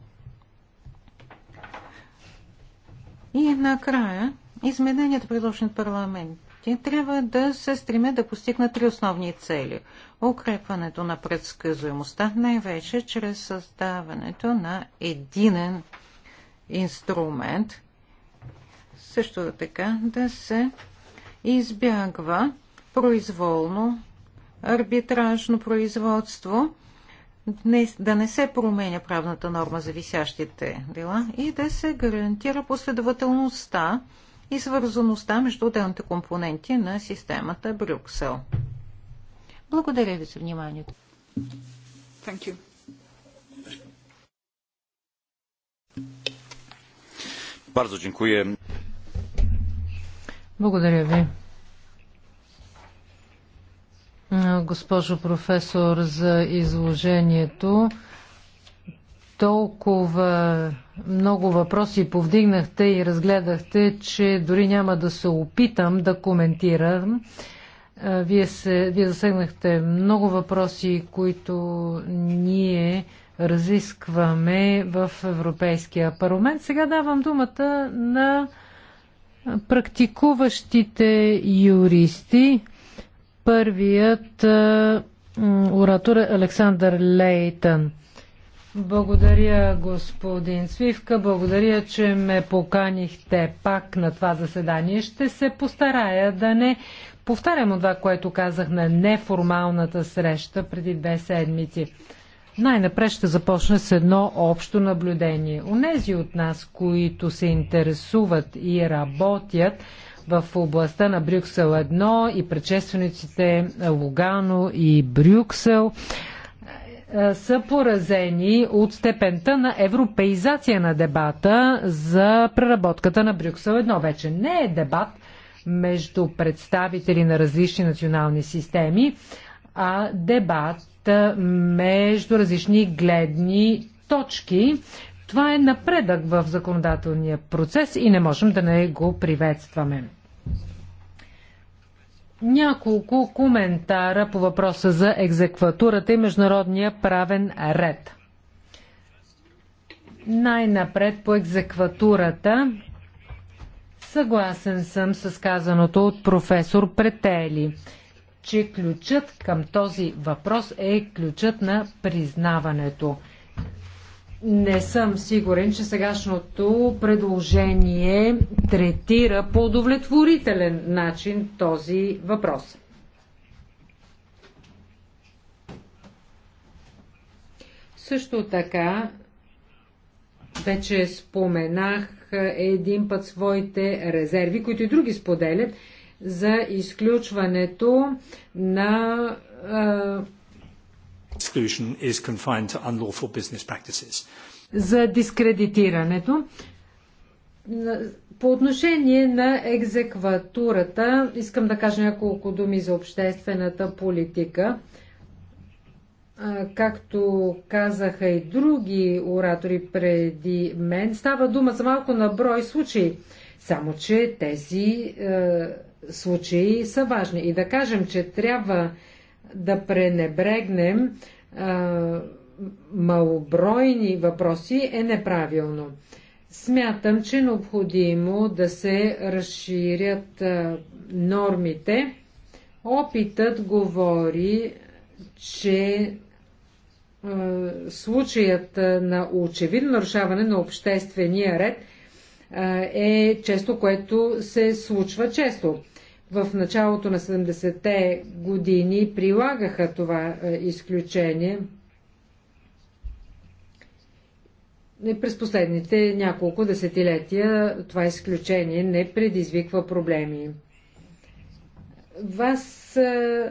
[SPEAKER 1] И накрая, измененията, предложени от парламенти, трябва да се стремят да постигнат три основни цели. Укрепването на предсказуемостта, най-вече чрез създаването на единен инструмент, също така да се избягва произволно арбитражно производство да не се променя правната норма за висящите дела и да се гарантира последователността и свързаността между отделните компоненти на системата Брюксел. Благодаря ви за вниманието. Thank you. Bardzo dziękuję.
[SPEAKER 3] Благодаря ви госпожо професор, за изложението. Толкова много въпроси повдигнахте и разгледахте, че дори няма да се опитам да коментирам. Вие, се, вие засегнахте много въпроси, които ние разискваме в Европейския парламент. Сега давам думата на практикуващите юристи. Първият оратор е Александър Лейтън. Благодаря, господин Свивка. Благодаря, че ме поканихте пак на това заседание. Ще се постарая да не повтарям това, което казах на неформалната среща преди две седмици. Най-напред ще започна с едно общо наблюдение. Онези от нас, които се интересуват и работят в областта на Брюксел 1 и предшествениците Лугано и Брюксел е, са поразени от степента на европеизация на дебата за преработката на Брюксел 1. Вече не е дебат между представители на различни национални системи, а дебат е, между различни гледни точки, това е напредък в законодателния процес и не можем да не го приветстваме. Няколко коментара по въпроса за екзекватурата и международния правен ред. Най-напред по екзекватурата съгласен съм с казаното от професор Претели, че ключът към този въпрос е ключът на признаването – не съм сигурен, че сегашното предложение третира по удовлетворителен начин този въпрос. Също така, вече споменах един път своите резерви, които и други споделят, за изключването на
[SPEAKER 2] Exclusion is confined to unlawful business practices.
[SPEAKER 3] За дискредитирането. По отношение на екзекватурата, искам да кажа няколко думи за обществената политика. Както казаха и други оратори преди мен, става дума за малко на брой случаи. Само, че тези е, случаи са важни. И да кажем, че трябва да пренебрегнем а, малобройни въпроси е неправилно. Смятам, че е необходимо да се разширят а, нормите. Опитът говори, че а, случаят на очевидно нарушаване на обществения ред а, е често, което се случва често в началото на 70-те години прилагаха това е, изключение. Е, през последните няколко десетилетия това изключение не предизвиква проблеми. Вас е,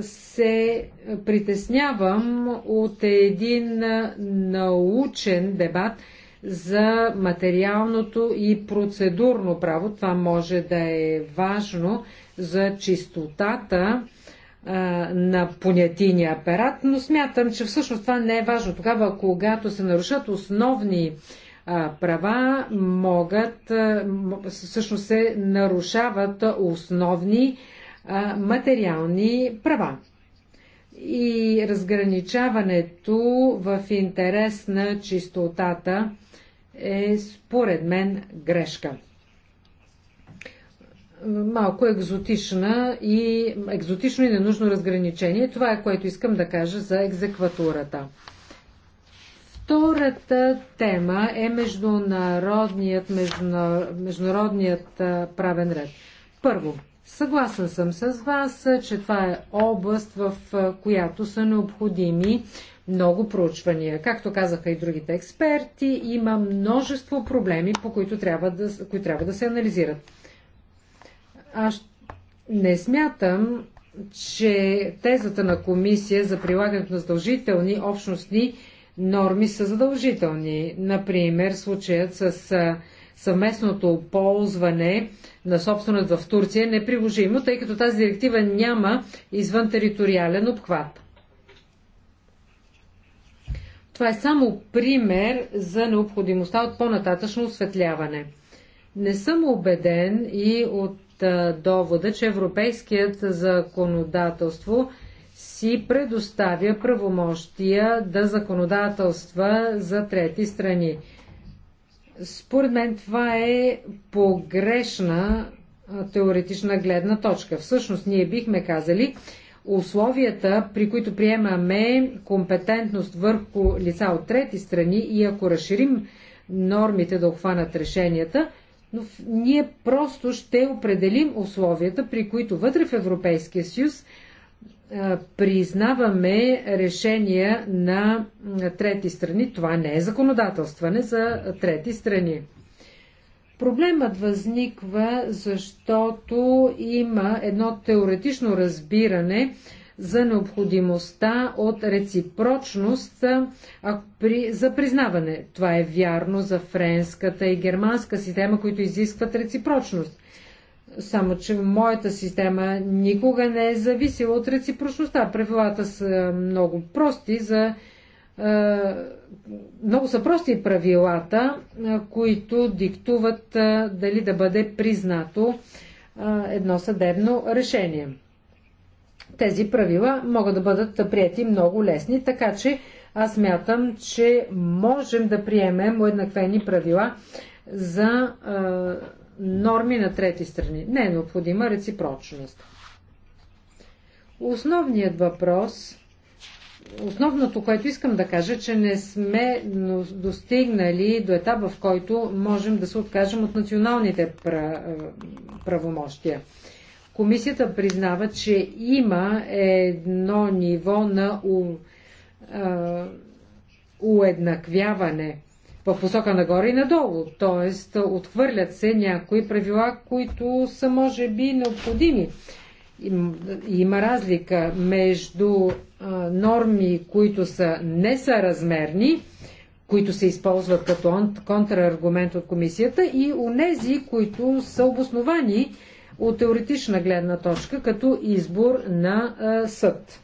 [SPEAKER 3] се притеснявам от един научен дебат – за материалното и процедурно право. Това може да е важно за чистотата а, на понятийния апарат, но смятам, че всъщност това не е важно. Тогава, когато се нарушат основни а, права, могат, а, всъщност се нарушават основни материални права и разграничаването в интерес на чистотата е според мен грешка. Малко екзотична и екзотично и ненужно разграничение. Това е което искам да кажа за екзекватурата. Втората тема е международният, международният правен ред. Първо, съгласен съм с вас, че това е област, в която са необходими много проучвания. Както казаха и другите експерти, има множество проблеми, по които трябва да, които трябва да се анализират. Аз не смятам, че тезата на комисия за прилагането на задължителни общностни норми са задължителни. Например, случаят с съвместното ползване на собственост в Турция е неприложимо, тъй като тази директива няма извън териториален обхват. Това е само пример за необходимостта от по-нататъчно осветляване. Не съм убеден и от а, довода, че европейският законодателство си предоставя правомощия да законодателства за трети страни. Според мен това е погрешна теоретична гледна точка. Всъщност ние бихме казали, условията, при които приемаме компетентност върху лица от трети страни и ако разширим нормите да обхванат решенията, но ние просто ще определим условията, при които вътре в Европейския съюз признаваме решения на трети страни. Това не е законодателстване за трети страни. Проблемът възниква, защото има едно теоретично разбиране за необходимостта от реципрочност за признаване. Това е вярно за френската и германска система, които изискват реципрочност. Само, че моята система никога не е зависела от реципрочността. Правилата са много прости за е, много са прости правилата, е, които диктуват е, дали да бъде признато едно съдебно решение. Тези правила могат да бъдат прияти много лесни, така че аз мятам, че можем да приемем уеднаквени правила за норми на трети страни. Не е необходима реципрочност. Основният въпрос основното, което искам да кажа, че не сме достигнали до етап, в който можем да се откажем от националните правомощия. Комисията признава, че има едно ниво на у, уеднаквяване в посока нагоре и надолу, т.е. отхвърлят се някои правила, които са може би необходими. Има разлика между норми, които са несъразмерни, които се използват като контраргумент от комисията и онези, които са обосновани от теоретична гледна точка като избор на съд.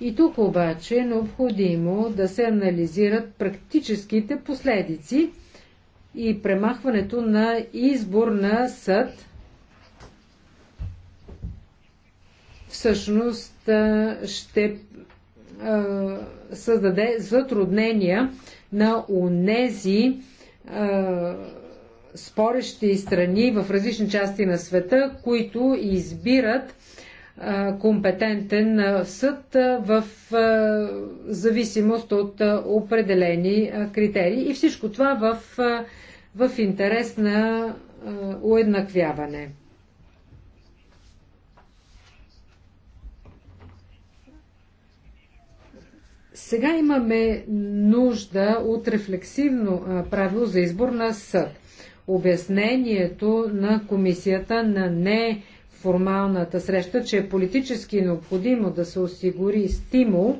[SPEAKER 3] И тук обаче е необходимо да се анализират практическите последици и премахването на избор на съд всъщност ще създаде затруднения на унези спорещи страни в различни части на света, които избират компетентен съд в зависимост от определени критерии. И всичко това в, в интерес на уеднаквяване. Сега имаме нужда от рефлексивно правило за избор на съд. Обяснението на комисията на неформалната среща, че е политически необходимо да се осигури стимул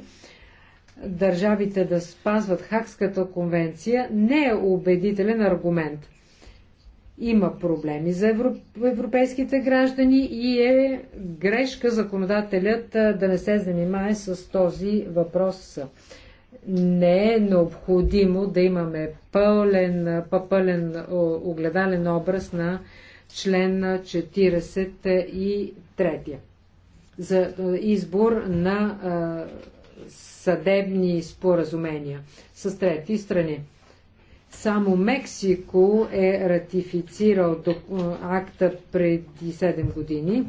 [SPEAKER 3] държавите да спазват Хакската конвенция, не е убедителен аргумент – има проблеми за европейските граждани и е грешка законодателят да не се занимае с този въпрос. Не е необходимо да имаме пълен, пълен огледален образ на член 43 за избор на съдебни споразумения с трети страни. Само Мексико е ратифицирал акта преди 7 години.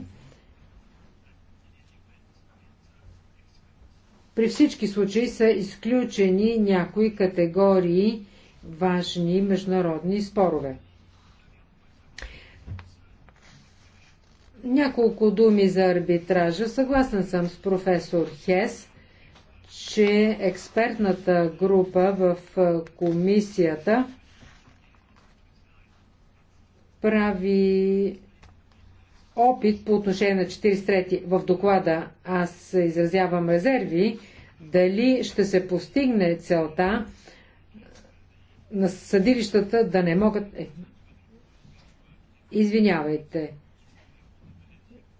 [SPEAKER 3] При всички случаи са изключени някои категории важни международни спорове. Няколко думи за арбитража. Съгласен съм с професор Хес – че експертната група в комисията прави опит по отношение на 43-ти в доклада. Аз изразявам резерви дали ще се постигне целта на съдилищата да не могат... Е, извинявайте.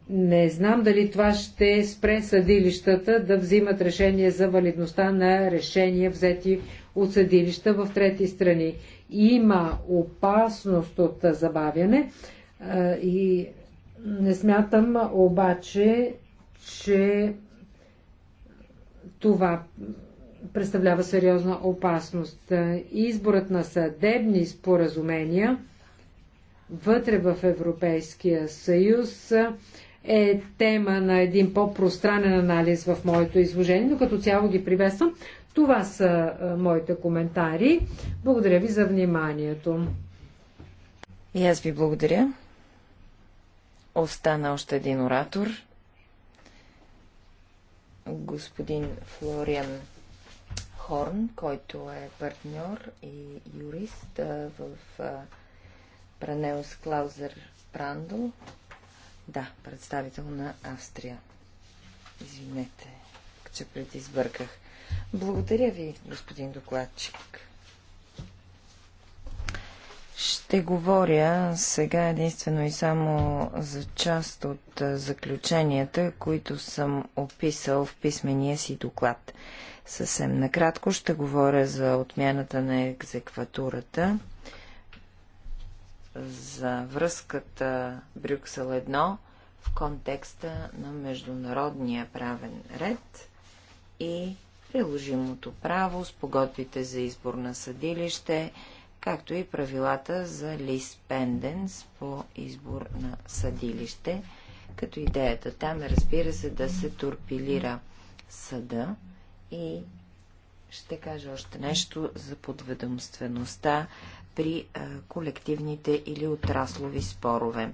[SPEAKER 3] Не знам дали това ще спре съдилищата да взимат решение за валидността на решения, взети от съдилища в трети страни. Има опасност от забавяне и не смятам обаче, че това представлява сериозна опасност. Изборът на съдебни споразумения вътре в Европейския съюз е тема на един по-пространен анализ в моето изложение, но като цяло ги приветствам. Това са е, моите коментари.
[SPEAKER 2] Благодаря ви за вниманието. И аз ви благодаря. Остана още един оратор. Господин Флориан Хорн, който е партньор и юрист е, в е, Пранеус Клаузер Прандо, да, представител на Австрия. Извинете, че предизбърках. Благодаря ви, господин докладчик. Ще говоря сега единствено и само за част от заключенията, които съм описал в писмения си доклад. Съвсем накратко ще говоря за отмяната на екзекватурата за връзката Брюксел 1 в контекста на международния правен ред и приложимото право, с погодбите за избор на съдилище, както и правилата за лист пенденс по избор на съдилище, като идеята там е, разбира се, да се турпилира съда и ще кажа още нещо за подведомствеността при колективните или отраслови спорове.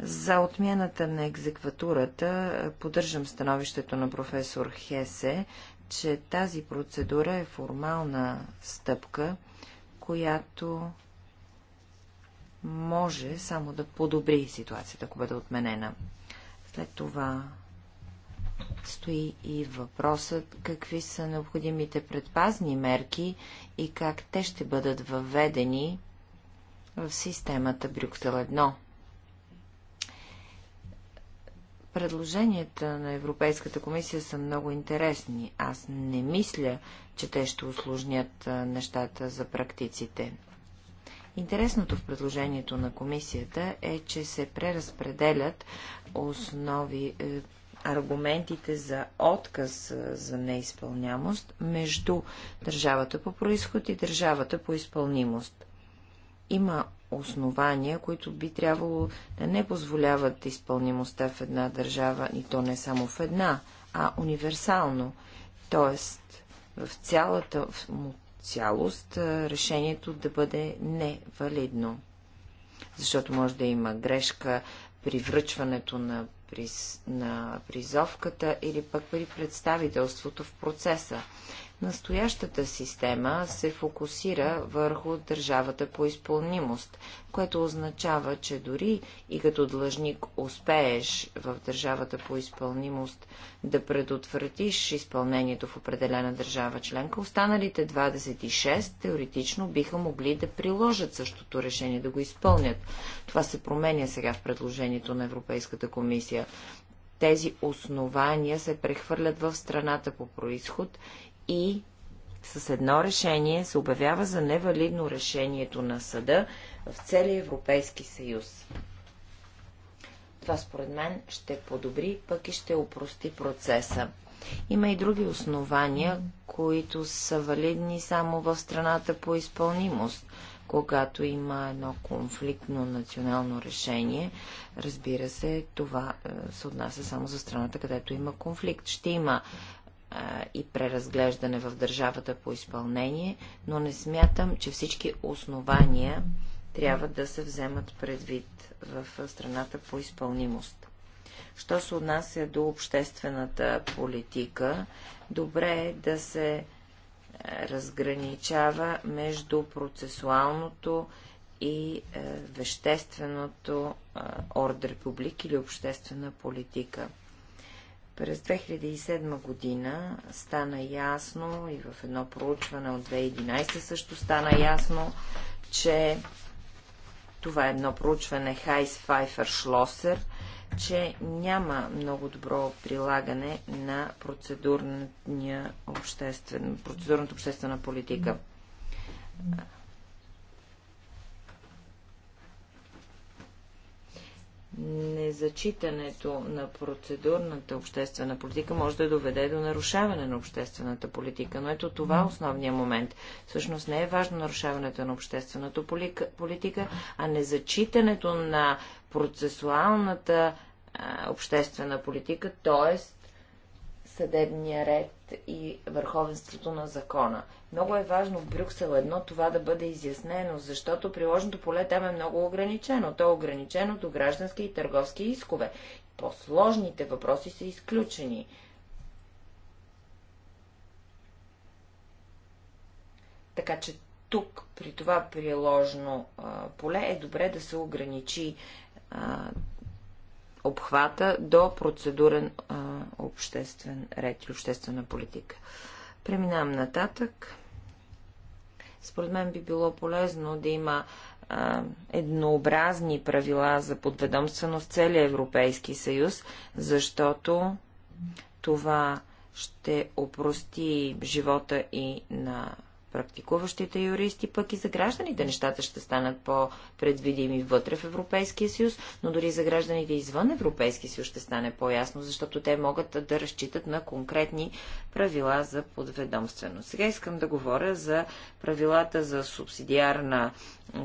[SPEAKER 2] За отмяната на екзекватурата поддържам становището на професор Хесе, че тази процедура е формална стъпка, която може само да подобри ситуацията, ако бъде отменена. След това стои и въпросът какви са необходимите предпазни мерки и как те ще бъдат въведени в системата Брюксел 1. Предложенията на Европейската комисия са много интересни. Аз не мисля, че те ще усложнят нещата за практиците. Интересното в предложението на комисията е, че се преразпределят основи, е, аргументите за отказ за неизпълнямост между държавата по происход и държавата по изпълнимост. Има основания, които би трябвало да не позволяват изпълнимостта в една държава, и то не само в една, а универсално. т.е. в цялата му цялост решението да бъде невалидно. Защото може да има грешка при връчването на приз, на призовката или пък при представителството в процеса. Настоящата система се фокусира върху държавата по изпълнимост, което означава, че дори и като длъжник успееш в държавата по изпълнимост да предотвратиш изпълнението в определена държава членка, останалите 26 теоретично биха могли да приложат същото решение, да го изпълнят. Това се променя сега в предложението на Европейската комисия. Тези основания се прехвърлят в страната по происход и с едно решение се обявява за невалидно решението на съда в целия Европейски съюз. Това според мен ще подобри, пък и ще опрости процеса. Има и други основания, които са валидни само в страната по изпълнимост. Когато има едно конфликтно национално решение, разбира се, това е, се отнася само за страната, където има конфликт. Ще има е, и преразглеждане в държавата по изпълнение, но не смятам, че всички основания трябва да се вземат предвид в страната по изпълнимост. Що се отнася до обществената политика, добре е да се разграничава между процесуалното и вещественото ордер публик или обществена политика – през 2007 година стана ясно и в едно проучване от 2011 също стана ясно, че това е едно проучване Хайс Файфер Шлосер, че няма много добро прилагане на процедурната обществена политика. незачитането на процедурната обществена политика може да доведе до нарушаване на обществената политика. Но ето това е основният момент. Всъщност не е важно нарушаването на обществената политика, а незачитането на процесуалната а, обществена политика, т.е съдебния ред и върховенството на закона. Много е важно Брюксел едно това да бъде изяснено, защото приложното поле там е много ограничено. То е ограничено до граждански и търговски искове. По-сложните въпроси са изключени. Така че тук при това приложно а, поле е добре да се ограничи а, обхвата до процедурен а, обществен ред и обществена политика. Преминавам нататък. Според мен би било полезно да има а, еднообразни правила за подведомственост в целия Европейски съюз, защото това ще опрости живота и на практикуващите юристи, пък и за гражданите нещата ще станат по-предвидими вътре в Европейския съюз, но дори за гражданите извън Европейския съюз ще стане по-ясно, защото те могат да разчитат на конкретни правила за подведомственост. Сега искам да говоря за правилата за субсидиарна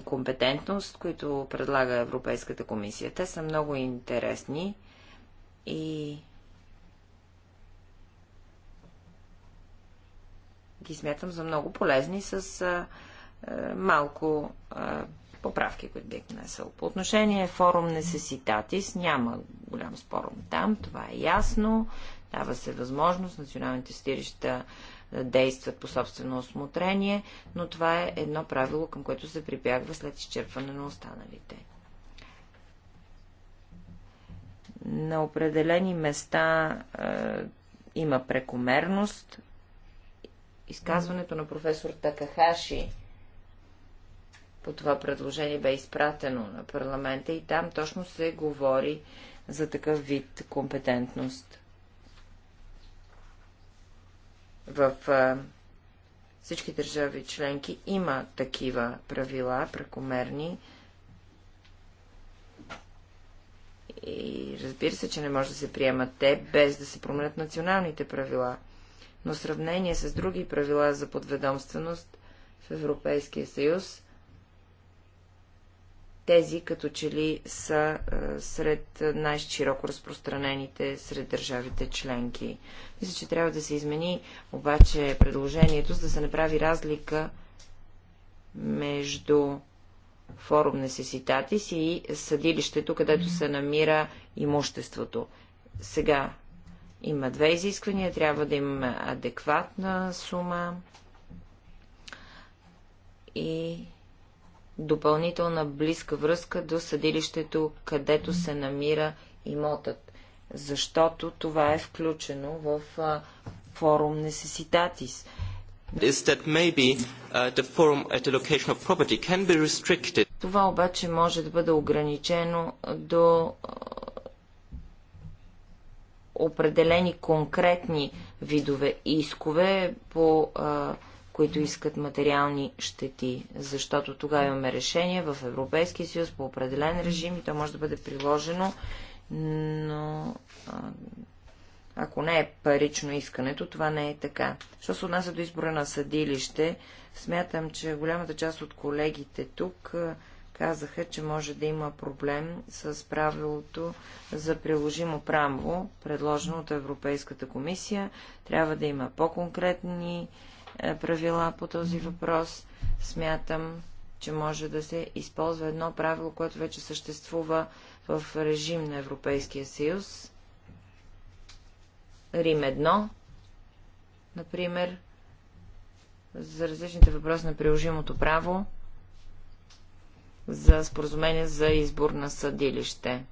[SPEAKER 2] компетентност, които предлага Европейската комисия. Те са много интересни и ги смятам за много полезни с а, а, малко а, поправки, които бих внесъл. По отношение форум ситатис, няма голям спор там, това е ясно. Дава се възможност националните стирища действат по собствено осмотрение, но това е едно правило, към което се прибягва след изчерпване на останалите. На определени места е, има прекомерност, изказването на професор Такахаши по това предложение бе изпратено на парламента и там точно се говори за такъв вид компетентност. В а, всички държави членки има такива правила, прекомерни. И разбира се, че не може да се приемат те, без да се променят националните правила но в сравнение с други правила за подведомственост в Европейския съюз, тези като че ли са а, е, сред най-широко разпространените сред държавите членки. Мисля, че трябва да се измени обаче предложението, за да се направи разлика между форум на сеситатис и съдилището, където се намира имуществото. Сега има две изисквания. Трябва да имаме адекватна сума и допълнителна близка връзка до съдилището, където се намира имотът, защото това е включено в форум Necessitatis.
[SPEAKER 3] Maybe,
[SPEAKER 1] uh,
[SPEAKER 2] Това обаче може да бъде ограничено до определени конкретни видове искове, по а, които искат материални щети, защото тогава имаме решение в Европейския съюз по определен режим и то може да бъде приложено, но а, ако не е парично искането, това не е така. Що се отнася до избора на съдилище, смятам, че голямата част от колегите тук а, казаха, че може да има проблем с правилото за приложимо право, предложено от Европейската комисия. Трябва да има по-конкретни е, правила по този въпрос. Смятам, че може да се използва едно правило, което вече съществува в режим на Европейския съюз. Рим 1, например, за различните въпроси на приложимото право за споразумение за избор на съдилище.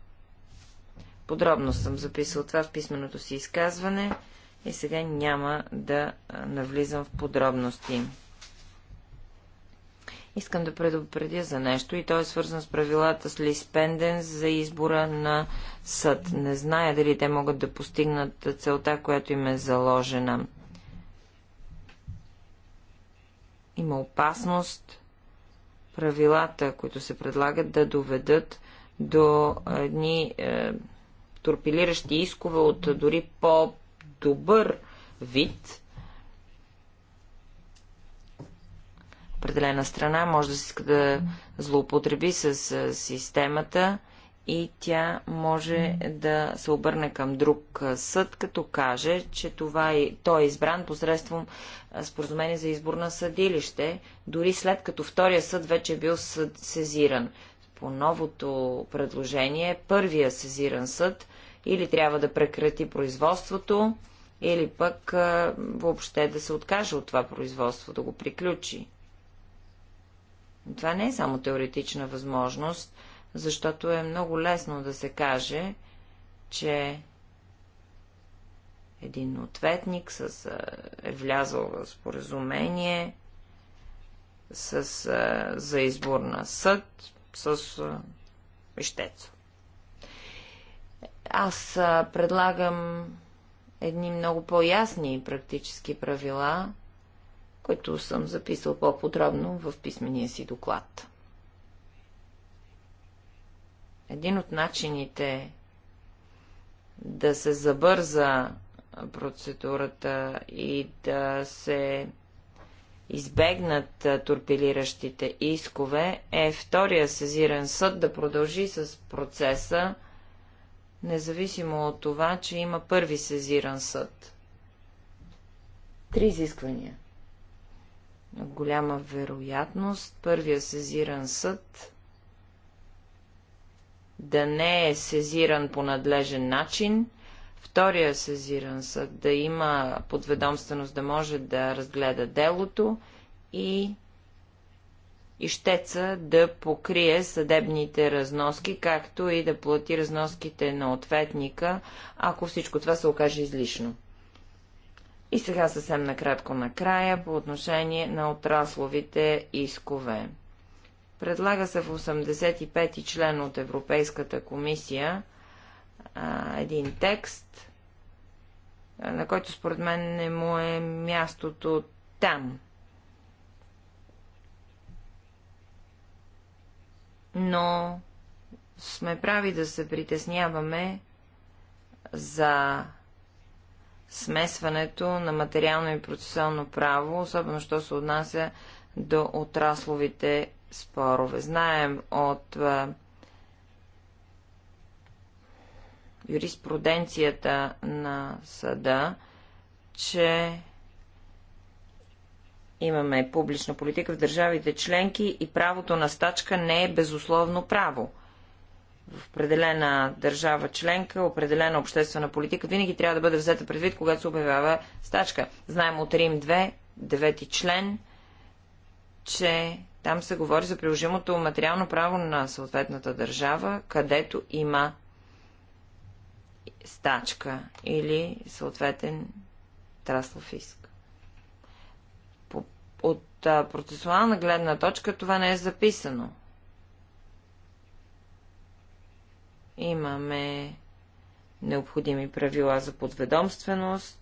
[SPEAKER 2] Подробно съм записал това в писменото си изказване и сега няма да навлизам в подробности. Искам да предупредя за нещо и то е свързано с правилата с пенден за избора на съд. Не зная дали те могат да постигнат целта, която им е заложена. Има опасност правилата, които се предлагат, да доведат до едни е, турпилиращи искове от дори по-добър вид. Определена страна може да се иска да злоупотреби с е, системата и тя може да се обърне към друг съд, като каже, че това е, той е избран посредством споразумение за избор на съдилище, дори след като втория съд вече е бил съд, сезиран. По новото предложение, първия сезиран съд или трябва да прекрати производството, или пък въобще да се откаже от това производство, да го приключи. Това не е само теоретична възможност – защото е много лесно да се каже, че един ответник с, е влязъл в споразумение с, за избор на съд с ищец. Аз предлагам едни много по-ясни практически правила, които съм записал по-подробно в писмения си доклад. Един от начините да се забърза процедурата и да се избегнат турпилиращите искове, е втория сезиран съд да продължи с процеса, независимо от това, че има първи сезиран съд. Три изисквания. Голяма вероятност първия сезиран съд да не е сезиран по надлежен начин, втория сезиран съд да има подведомственост да може да разгледа делото и ищеца да покрие съдебните разноски, както и да плати разноските на ответника, ако всичко това се окаже излишно. И сега съвсем накратко накрая по отношение на отрасловите искове. Предлага се в 85 ти член от Европейската комисия а, един текст, на който според мен не му е мястото там. Но сме прави да се притесняваме за смесването на материално и процесуално право, особено що се отнася до отрасловите спорове. Знаем от юриспруденцията на съда, че имаме публична политика в държавите членки и правото на стачка не е безусловно право. В определена държава членка, определена обществена политика винаги трябва да бъде взета предвид, когато се обявява стачка. Знаем от Рим 2, 9 член, че там се говори за приложимото материално право на съответната държава, където има стачка или съответен траслов иск. По, от а, процесуална гледна точка това не е записано. Имаме необходими правила за подведомственост,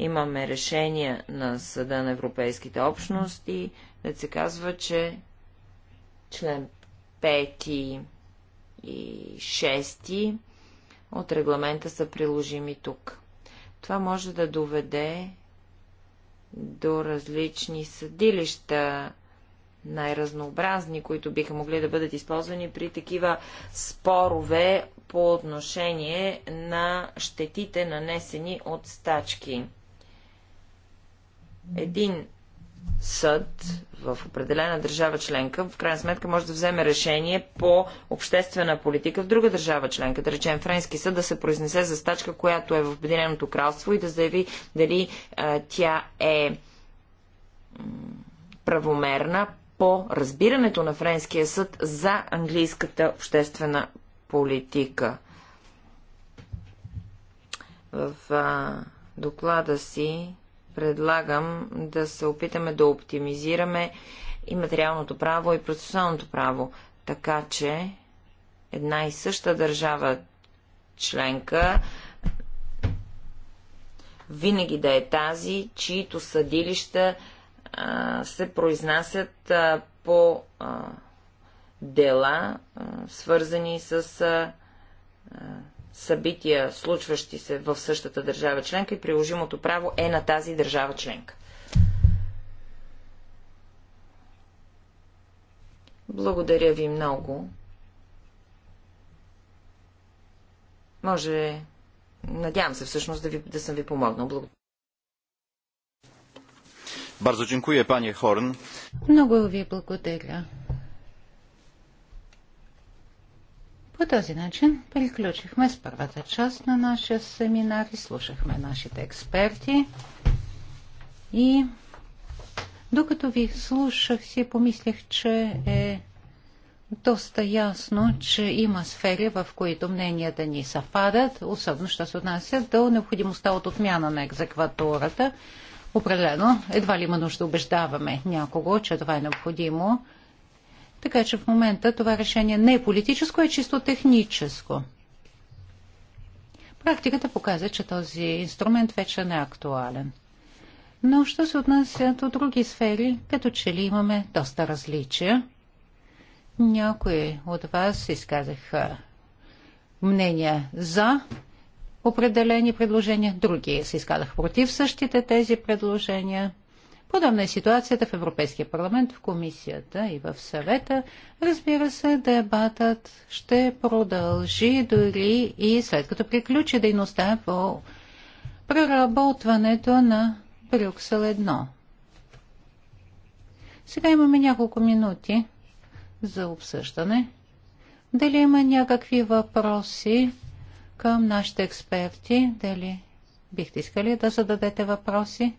[SPEAKER 2] Имаме решение на Съда на Европейските общности, да се казва, че член 5 и 6 от регламента са приложими тук. Това може да доведе до различни съдилища, най-разнообразни, които биха могли да бъдат използвани при такива спорове по отношение на щетите, нанесени от стачки един съд в определена държава членка, в крайна сметка може да вземе решение по обществена политика в друга държава членка, да речем френски съд, да се произнесе за стачка, която е в Обединеното кралство и да заяви дали а, тя е правомерна по разбирането на френския съд за английската обществена политика. В а, доклада си предлагам да се опитаме да оптимизираме и материалното право, и процесуалното право, така че една и съща държава членка винаги да е тази, чието съдилища а, се произнасят а, по а, дела, а, свързани с а, събития, случващи се в същата държава членка и приложимото право е на тази държава членка. Благодаря ви много. Може, надявам се всъщност да, ви, да съм ви помогнал. Благодаря.
[SPEAKER 1] Bardzo dziękuję, panie Horn. Много ви благодаря, По този начин приключихме с първата част на нашия семинар и слушахме нашите експерти. И докато ви слушах, си помислих, че е доста ясно, че има сфери, в които мненията ни съвпадат, особено що се отнася до необходимостта от отмяна на екзекватурата. Определено, едва ли има нужда убеждаваме някого, че това е необходимо. Така че в момента това решение не е политическо, е чисто техническо. Практиката показва, че този инструмент вече не е актуален. Но що се отнася до други сфери, като че ли имаме доста различия. Някои от вас изказаха мнения за определени предложения, други се изказаха против същите тези предложения. Подобна е ситуацията в Европейския парламент, в комисията и в съвета. Разбира се, дебатът ще продължи дори и след като приключи дейността по преработването на Брюксел 1. Сега имаме няколко минути за обсъждане. Дали има някакви въпроси към нашите експерти? Дали бихте искали да зададете въпроси?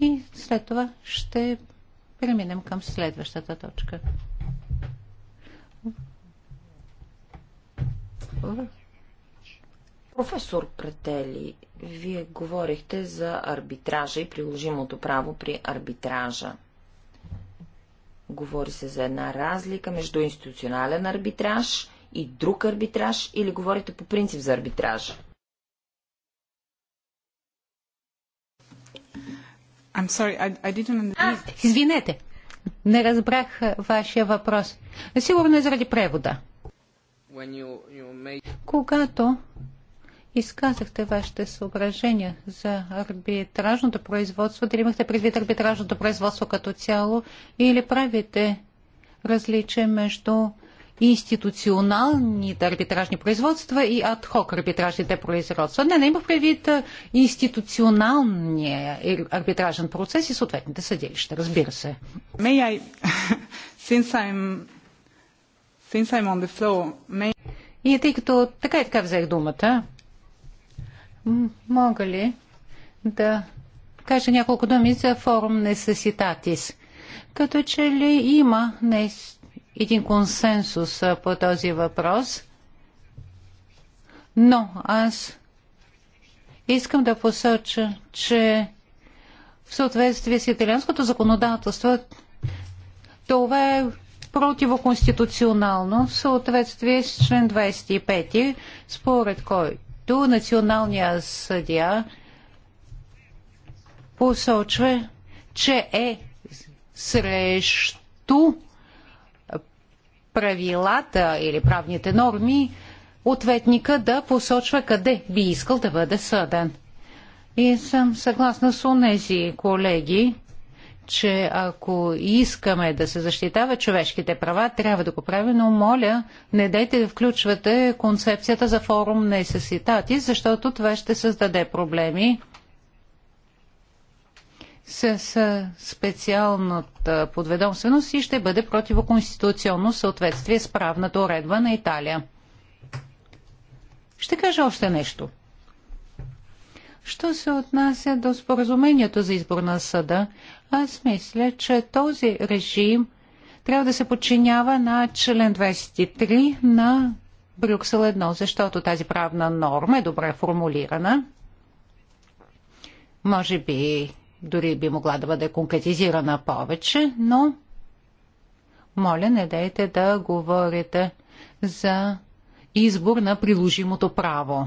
[SPEAKER 1] и след това ще преминем към следващата точка.
[SPEAKER 2] Професор Претели, вие говорихте за арбитража и приложимото право при арбитража. Говори се за една разлика между институционален арбитраж и друг арбитраж или говорите по принцип за арбитраж?
[SPEAKER 1] I'm sorry, I, I didn't understand. Извинете, не разбрах вашия въпрос. Сигурно е заради превода.
[SPEAKER 3] You, you made...
[SPEAKER 1] Когато изказахте вашите съображения за арбитражното производство, дали имахте предвид арбитражното производство като цяло или правите различие между институционалните арбитражни производства и адхок арбитражните производства. Не, не имах предвид институционалния арбитражен процес и съответните съдилища, разбира се. May I, since I'm, since I'm on the floor, may... И тъй като така и така взех думата, мога ли да кажа няколко думи за форум Несъситатис? Като че ли има не един консенсус по този въпрос, но аз искам да посоча, че в съответствие с италианското законодателство това е противоконституционално в съответствие с член 25, според който Националния съдия посочва, че е срещу правилата или правните норми, ответника да посочва къде би искал да бъде съден. И съм съгласна с онези колеги, че ако искаме да се защитава човешките права, трябва да го правим, но моля, не дайте да включвате концепцията за форум на ССИТАТИ, защото това ще създаде проблеми с специалната подведомственост и ще бъде противоконституционно в съответствие с правната уредба на Италия. Ще кажа още нещо. Що се отнася до споразумението за избор на съда, аз мисля, че този режим трябва да се подчинява на член 23 на Брюксел 1, защото тази правна норма е добре формулирана. Може би дори би могла да бъде конкретизирана повече, но моля не дайте да говорите за избор на приложимото право.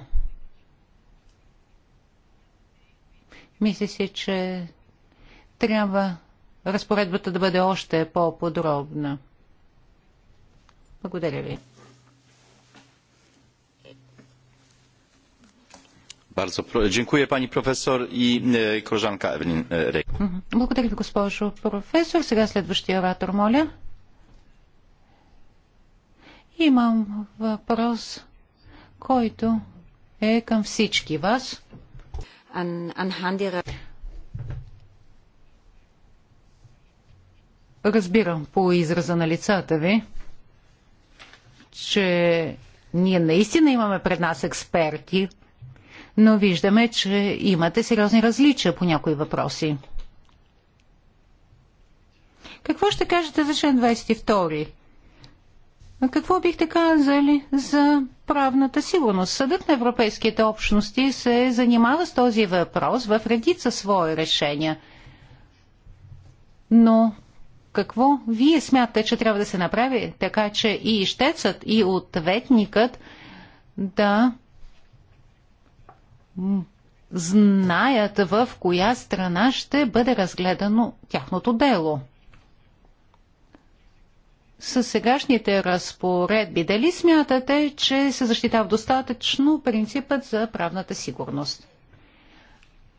[SPEAKER 1] Мисля си, че трябва разпоредбата да бъде още по-подробна. Благодаря ви. E, e, mhm. Благодаря ви, госпожо професор. Сега следващия оратор, моля. Имам въпрос, който е към всички вас. Разбирам по израза на лицата ви, че ние наистина имаме пред нас експерти, но виждаме, че имате сериозни различия по някои въпроси. Какво ще кажете за член 22? Какво бихте казали за правната сигурност? Съдът на европейските общности се занимава с този въпрос в редица свои решения. Но какво вие смятате, че трябва да се направи, така че и ищецът, и ответникът да знаят в коя страна ще бъде разгледано тяхното дело. С сегашните разпоредби, дали смятате, че се защитава достатъчно принципът за правната сигурност?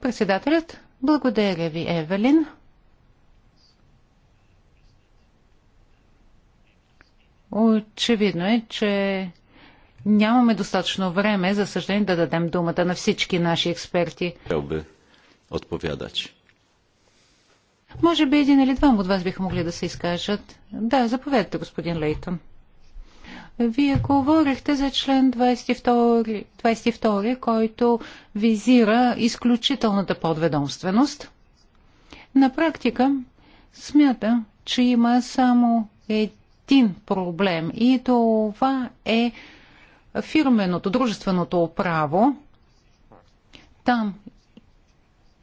[SPEAKER 1] Председателят, благодаря ви, Евелин. Очевидно е, че Нямаме достатъчно време, за съжаление, да дадем думата на всички наши експерти. Отповядач. Може би един или двама от вас биха могли да се изкажат. Да, заповядайте, господин Лейтон. Вие говорихте за член 22, 22 който визира изключителната подведомственост. На практика смята, че има само един проблем и това е фирменото, дружественото право, там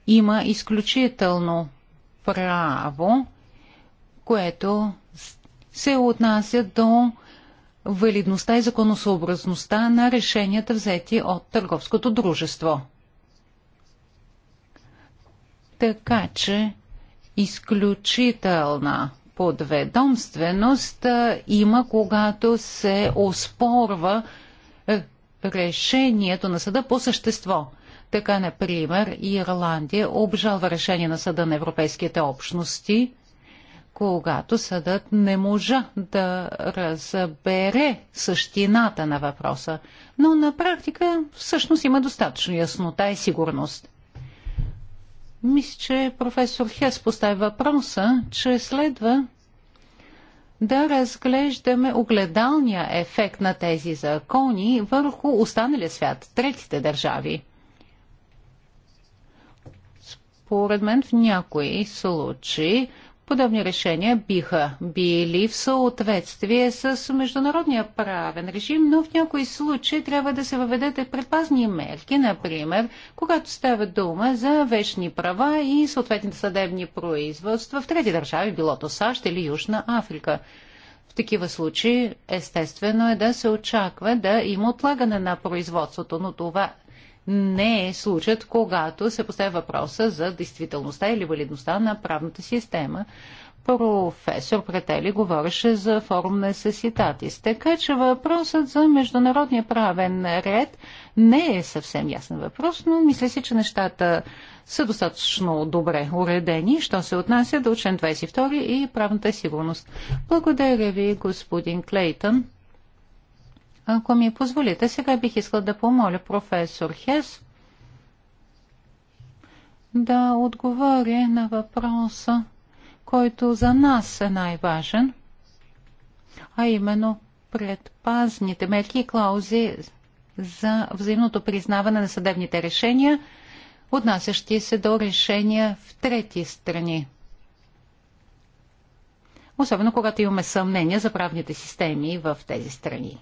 [SPEAKER 1] има изключително право, което се отнася до валидността и законосъобразността на решенията взети от търговското дружество. Така че изключителна подведомственост има, когато се оспорва решението на съда по същество. Така, например, Ирландия обжалва решение на съда на Европейските общности, когато съдът не можа да разбере същината на въпроса. Но на практика всъщност има достатъчно яснота и сигурност. Мисля, че професор Хес постави въпроса, че следва да разглеждаме огледалния ефект на тези закони върху останалия свят, третите държави. Според мен в някои случаи подобни решения биха били в съответствие с международния правен режим, но в някои случаи трябва да се въведете предпазни мерки, например, когато става дума за вечни права и съответните съдебни производства в трети държави, било то САЩ или Южна Африка. В такива случаи естествено е да се очаква да има отлагане на производството, но това не е случат, когато се поставя въпроса за действителността или валидността на правната система. Професор Претели говореше за форум на съситатис, така че въпросът за международния правен ред не е съвсем ясен въпрос, но мисля си, че нещата са достатъчно добре уредени, що се отнася до член 22 и правната сигурност. Благодаря ви, господин Клейтън. Ако ми позволите, сега бих искал да помоля професор Хес да отговори на въпроса, който за нас е най-важен, а именно предпазните мерки и клаузи за взаимното признаване на съдебните решения, отнасящи се до решения в трети страни. Особено когато имаме съмнение за правните системи в тези страни.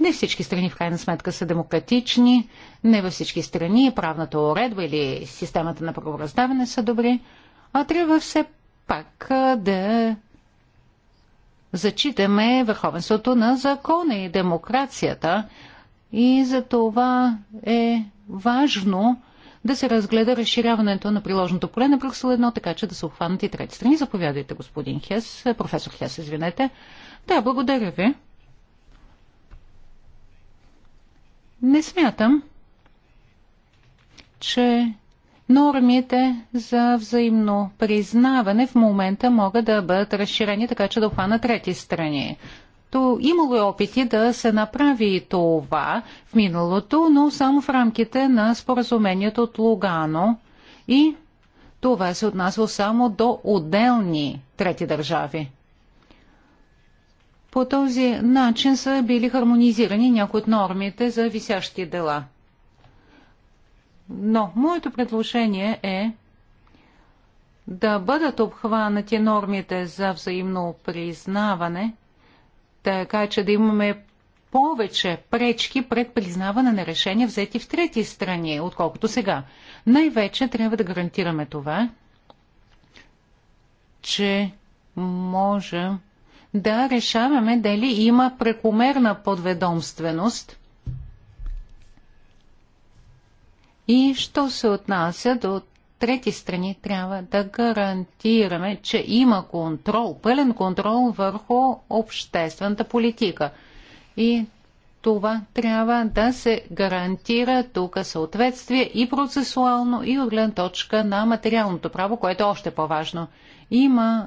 [SPEAKER 1] Не всички страни в крайна сметка са демократични, не във всички страни правната уредба или системата на правораздаване са добри, а трябва все пак да зачитаме върховенството на закона и демокрацията. И за това е важно да се разгледа разширяването на приложното поле на Брюксел Едно, така че да са и трети страни. Заповядайте, господин Хес, професор Хес, извинете. Да, благодаря ви. Не смятам, че нормите за взаимно признаване в момента могат да бъдат разширени така, че да на трети страни. То имало е опити да се направи това в миналото, но само в рамките на споразумението от Лугано и това се отнасяло само до отделни трети държави. По този начин са били хармонизирани някои от нормите за висящи дела. Но моето предложение е да бъдат обхванати нормите за взаимно признаване, така че да имаме повече пречки пред признаване на решения взети в трети страни, отколкото сега. Най-вече трябва да гарантираме това, че можем да решаваме дали има прекомерна подведомственост. И що се отнася до трети страни, трябва да гарантираме, че има контрол, пълен контрол върху обществената политика. И това трябва да се гарантира тук съответствие и процесуално, и от гледна точка на материалното право, което е още по-важно. Има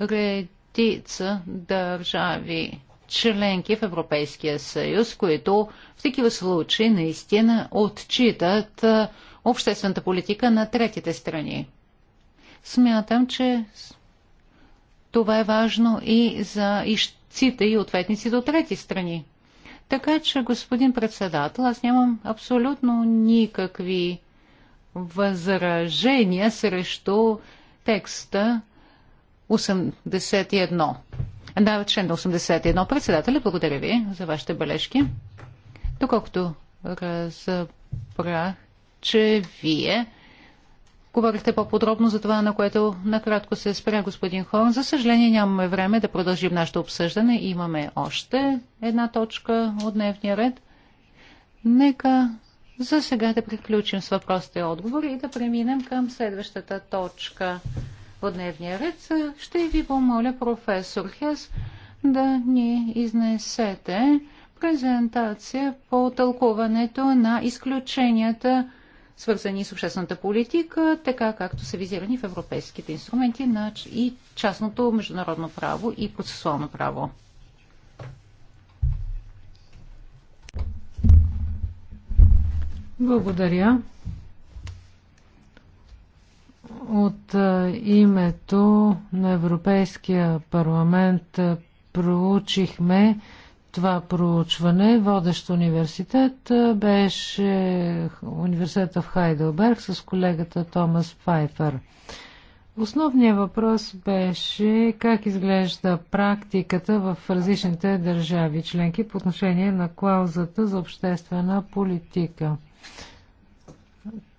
[SPEAKER 1] редица държави членки в Европейския съюз, които в такива случаи наистина отчитат обществената политика на третите страни. Смятам, че това е важно и за ищците и ответниците от трети страни. Така че, господин председател, аз нямам абсолютно никакви възражения срещу текста 81. Да, член 81. Председателя, благодаря ви за вашите бележки. Доколкото разбрах, че вие говорихте по-подробно за това, на което накратко се спря господин Хорн. За съжаление нямаме време да продължим нашето обсъждане. Имаме още една точка от дневния ред. Нека за сега да приключим с въпросите и отговори и да преминем към следващата точка по дневния ред, ще ви помоля професор Хес да ни изнесете презентация по тълкуването на изключенията, свързани с обществената политика, така както са визирани в европейските инструменти на и частното международно право и процесуално право.
[SPEAKER 3] Благодаря. От е, името на Европейския парламент е, проучихме това проучване. Водещ университет е, беше университета в Хайделберг с колегата Томас Пфайфер. Основният въпрос беше как изглежда практиката в различните държави членки по отношение на клаузата за обществена политика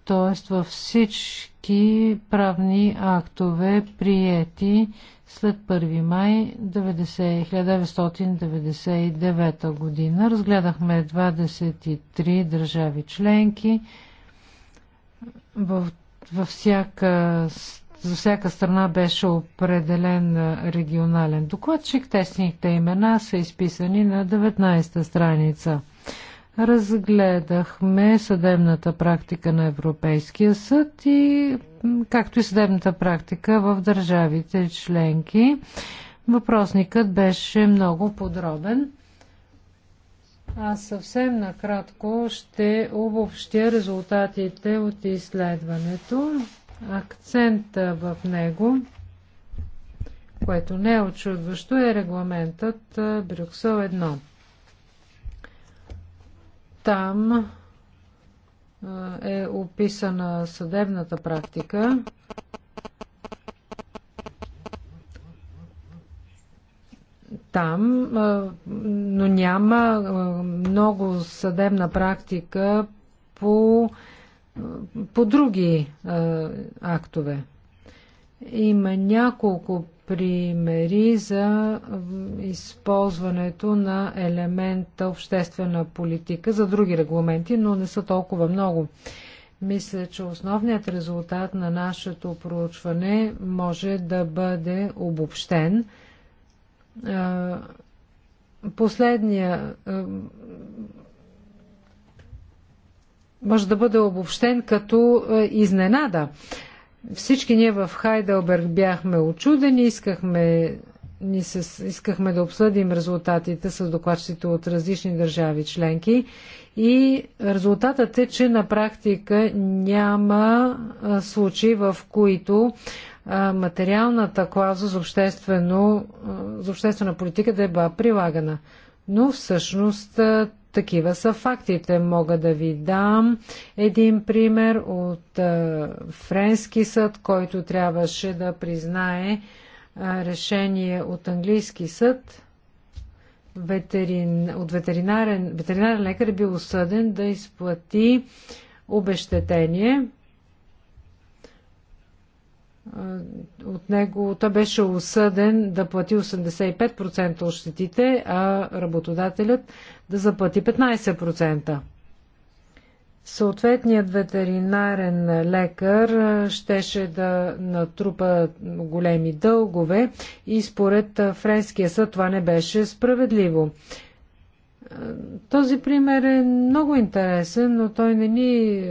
[SPEAKER 3] т.е. във всички правни актове, приети след 1 май 1999 година. Разгледахме 23 държави членки. В, във всяка, за всяка страна беше определен регионален докладчик. Тесните имена са изписани на 19 страница – разгледахме съдебната практика на Европейския съд и както и съдебната практика в държавите членки. Въпросникът беше много подробен. Аз съвсем накратко ще обобщя резултатите от изследването. Акцента в него, което не е очудващо, е регламентът Брюксел 1. Там е, е описана съдебната практика. Там, е, но няма е, много съдебна практика по, по други актове. Има няколко примери за използването на елемента обществена политика за други регламенти, но не са толкова много. Мисля, че основният резултат на нашето проучване може да бъде обобщен. Последния може да бъде обобщен като изненада всички ние в Хайдълберг бяхме очудени, искахме, ни с, искахме да обсъдим резултатите с докладчите от различни държави членки и резултатът е, че на практика няма случаи, в които материалната клауза за, обществено, за обществена политика да е била прилагана. Но всъщност такива са фактите. Мога да ви дам един пример от е, френски съд, който трябваше да признае е, решение от английски съд. Ветерин, от ветеринарен, ветеринарен лекар е бил осъден да изплати обещетение от него той беше осъден да плати 85% от щетите, а работодателят да заплати 15%. Съответният ветеринарен лекар щеше да натрупа големи дългове и според френския съд това не беше справедливо. Този пример е много интересен, но той не ни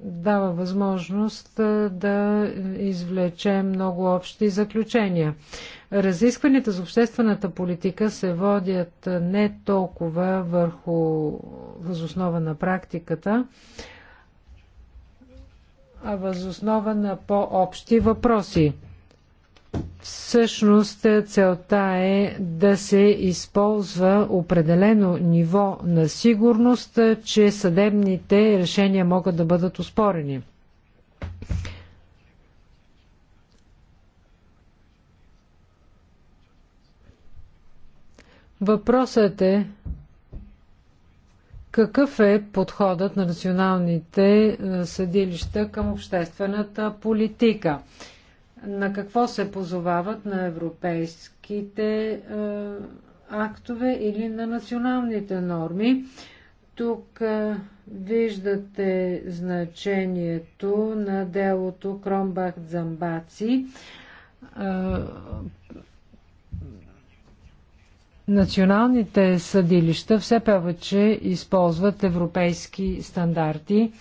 [SPEAKER 3] дава възможност да извлече много общи заключения. Разискванията за обществената политика се водят не толкова върху възоснова на практиката, а възоснова на по-общи въпроси. Всъщност е, целта е да се използва определено ниво на сигурност, е, че съдебните решения могат да бъдат успорени. Въпросът е какъв е подходът на националните е, съдилища към обществената политика? на какво се позовават на европейските е, актове или на националните норми. Тук е, виждате значението на делото Кромбах-Дзамбаци. Е, националните съдилища все повече използват европейски стандарти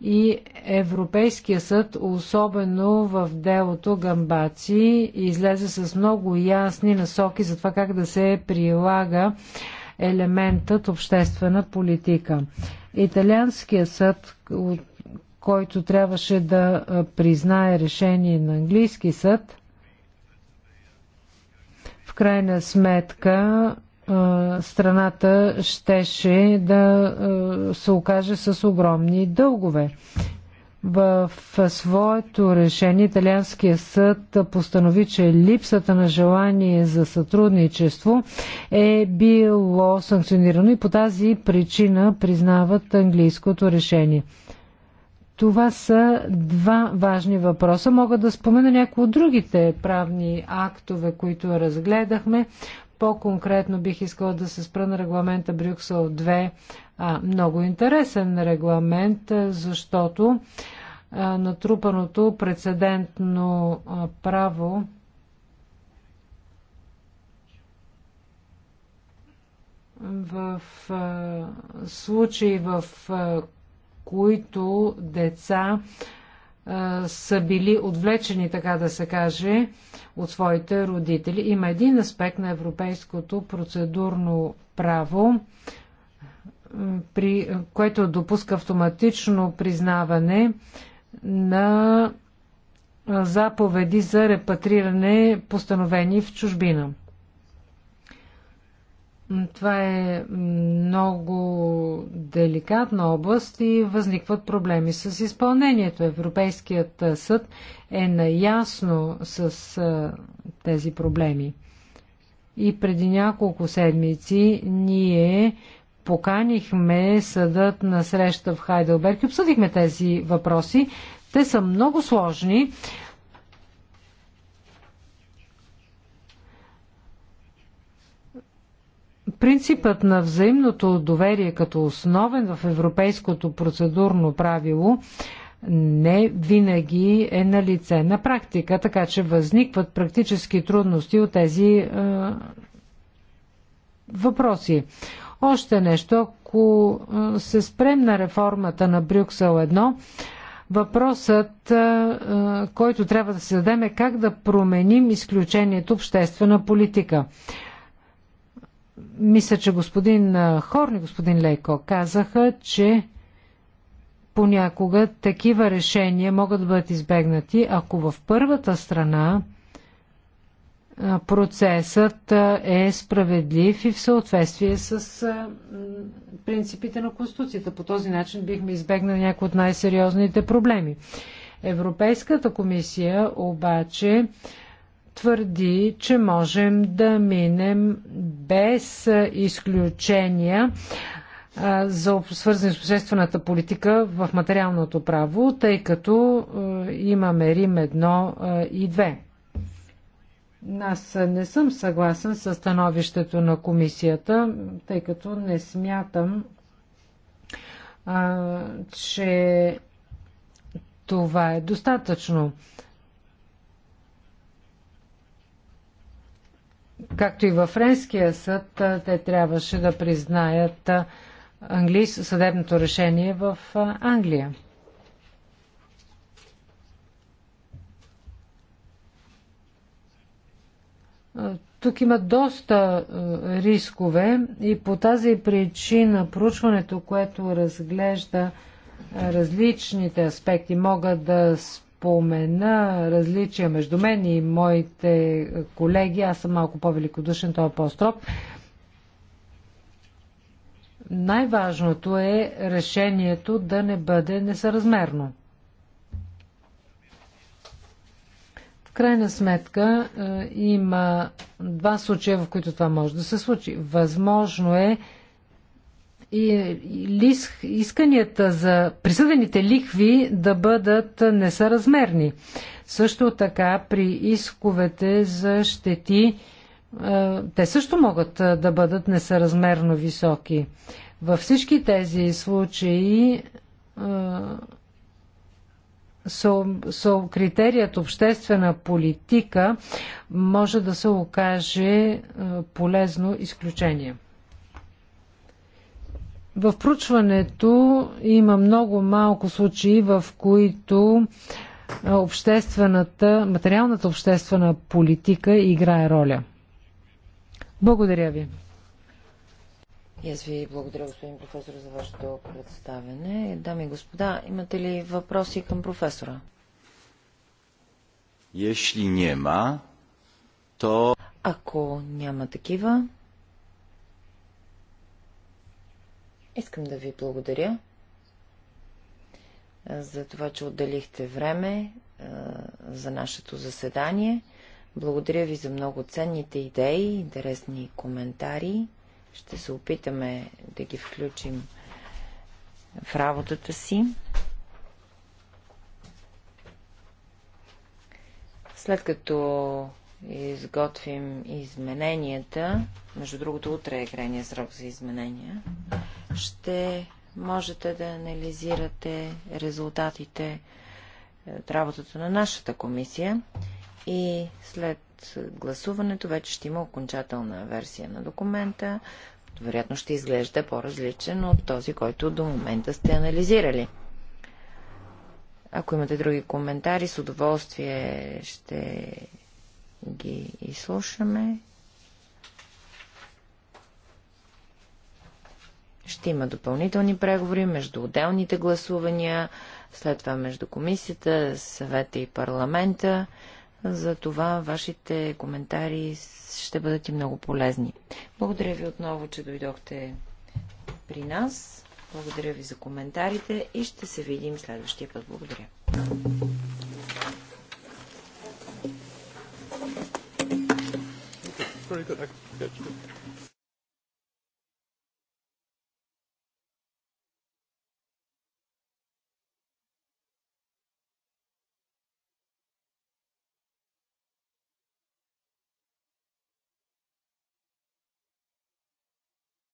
[SPEAKER 3] и Европейския съд, особено в делото Гамбаци, излезе с много ясни насоки за това как да се прилага елементът обществена политика. Италианският съд, който трябваше да признае решение на английски съд, в крайна сметка страната щеше да се окаже с огромни дългове. В своето решение Италианския съд постанови, че липсата на желание за сътрудничество е било санкционирано и по тази причина признават английското решение. Това са два важни въпроса. Мога да спомена някои от другите правни актове, които разгледахме. По-конкретно бих искала да се спра на регламента Брюксел 2. А, много интересен регламент, защото а, натрупаното прецедентно а, право в а, случаи, в а, които деца а, са били отвлечени, така да се каже, от своите родители. Има един аспект на европейското процедурно право, при, което допуска автоматично признаване на заповеди за репатриране, постановени в чужбина. Това е много деликатна област и възникват проблеми с изпълнението. Европейският съд е наясно с тези проблеми. И преди няколко седмици ние поканихме съдът на среща в Хайделберг и обсъдихме тези въпроси. Те са много сложни. принципът на взаимното доверие като основен в европейското процедурно правило не винаги е на лице на практика, така че възникват практически трудности от тези е, въпроси. Още нещо, ако е, се спрем на реформата на Брюксел 1, въпросът, е, е, който трябва да се дадем е как да променим изключението обществена политика мисля, че господин Хорн и господин Лейко казаха, че понякога такива решения могат да бъдат избегнати, ако в първата страна процесът е справедлив и в съответствие с принципите на Конституцията. По този начин бихме избегнали някои от най-сериозните проблеми. Европейската комисия обаче твърди, че можем да минем без изключения за свързани с обществената политика в материалното право, тъй като имаме Рим 1 и 2. Аз не съм съгласен с становището на комисията, тъй като не смятам, а, че това е достатъчно. както и във френския съд, те трябваше да признаят английско съдебното решение в Англия. Тук има доста рискове и по тази причина проучването, което разглежда различните аспекти, могат да спомня спомена различия между мен и моите колеги. Аз съм малко по-великодушен, той е по-строг. Най-важното е решението да не бъде несъразмерно. В крайна сметка е, има два случая, в които това може да се случи. Възможно е и исканията за присъдените лихви да бъдат несъразмерни. Също така при исковете за щети е, те също могат е, да бъдат несъразмерно високи. Във всички тези случаи е, со, со критерият обществена политика може да се окаже полезно изключение. В проучването има много малко случаи, в които обществената, материалната обществена политика играе роля. Благодаря ви.
[SPEAKER 2] И аз ви благодаря, господин професор, за вашето представене. Дами и господа, имате ли въпроси към професора?
[SPEAKER 1] няма, то...
[SPEAKER 2] Ако няма такива, Искам да ви благодаря за това, че отделихте време за нашето заседание. Благодаря ви за много ценните идеи, интересни коментари. Ще се опитаме да ги включим в работата си. След като изготвим измененията, между другото утре е крайния срок за изменения, ще можете да анализирате резултатите от работата на нашата комисия и след гласуването вече ще има окончателна версия на документа. Вероятно ще изглежда по-различен от този, който до момента сте анализирали. Ако имате други коментари, с удоволствие ще ги изслушаме. Ще има допълнителни преговори между отделните гласувания, след това между комисията, съвета и парламента. За това вашите коментари ще бъдат и много полезни. Благодаря ви отново, че дойдохте при нас. Благодаря ви за коментарите и ще се видим следващия път. Благодаря. very good.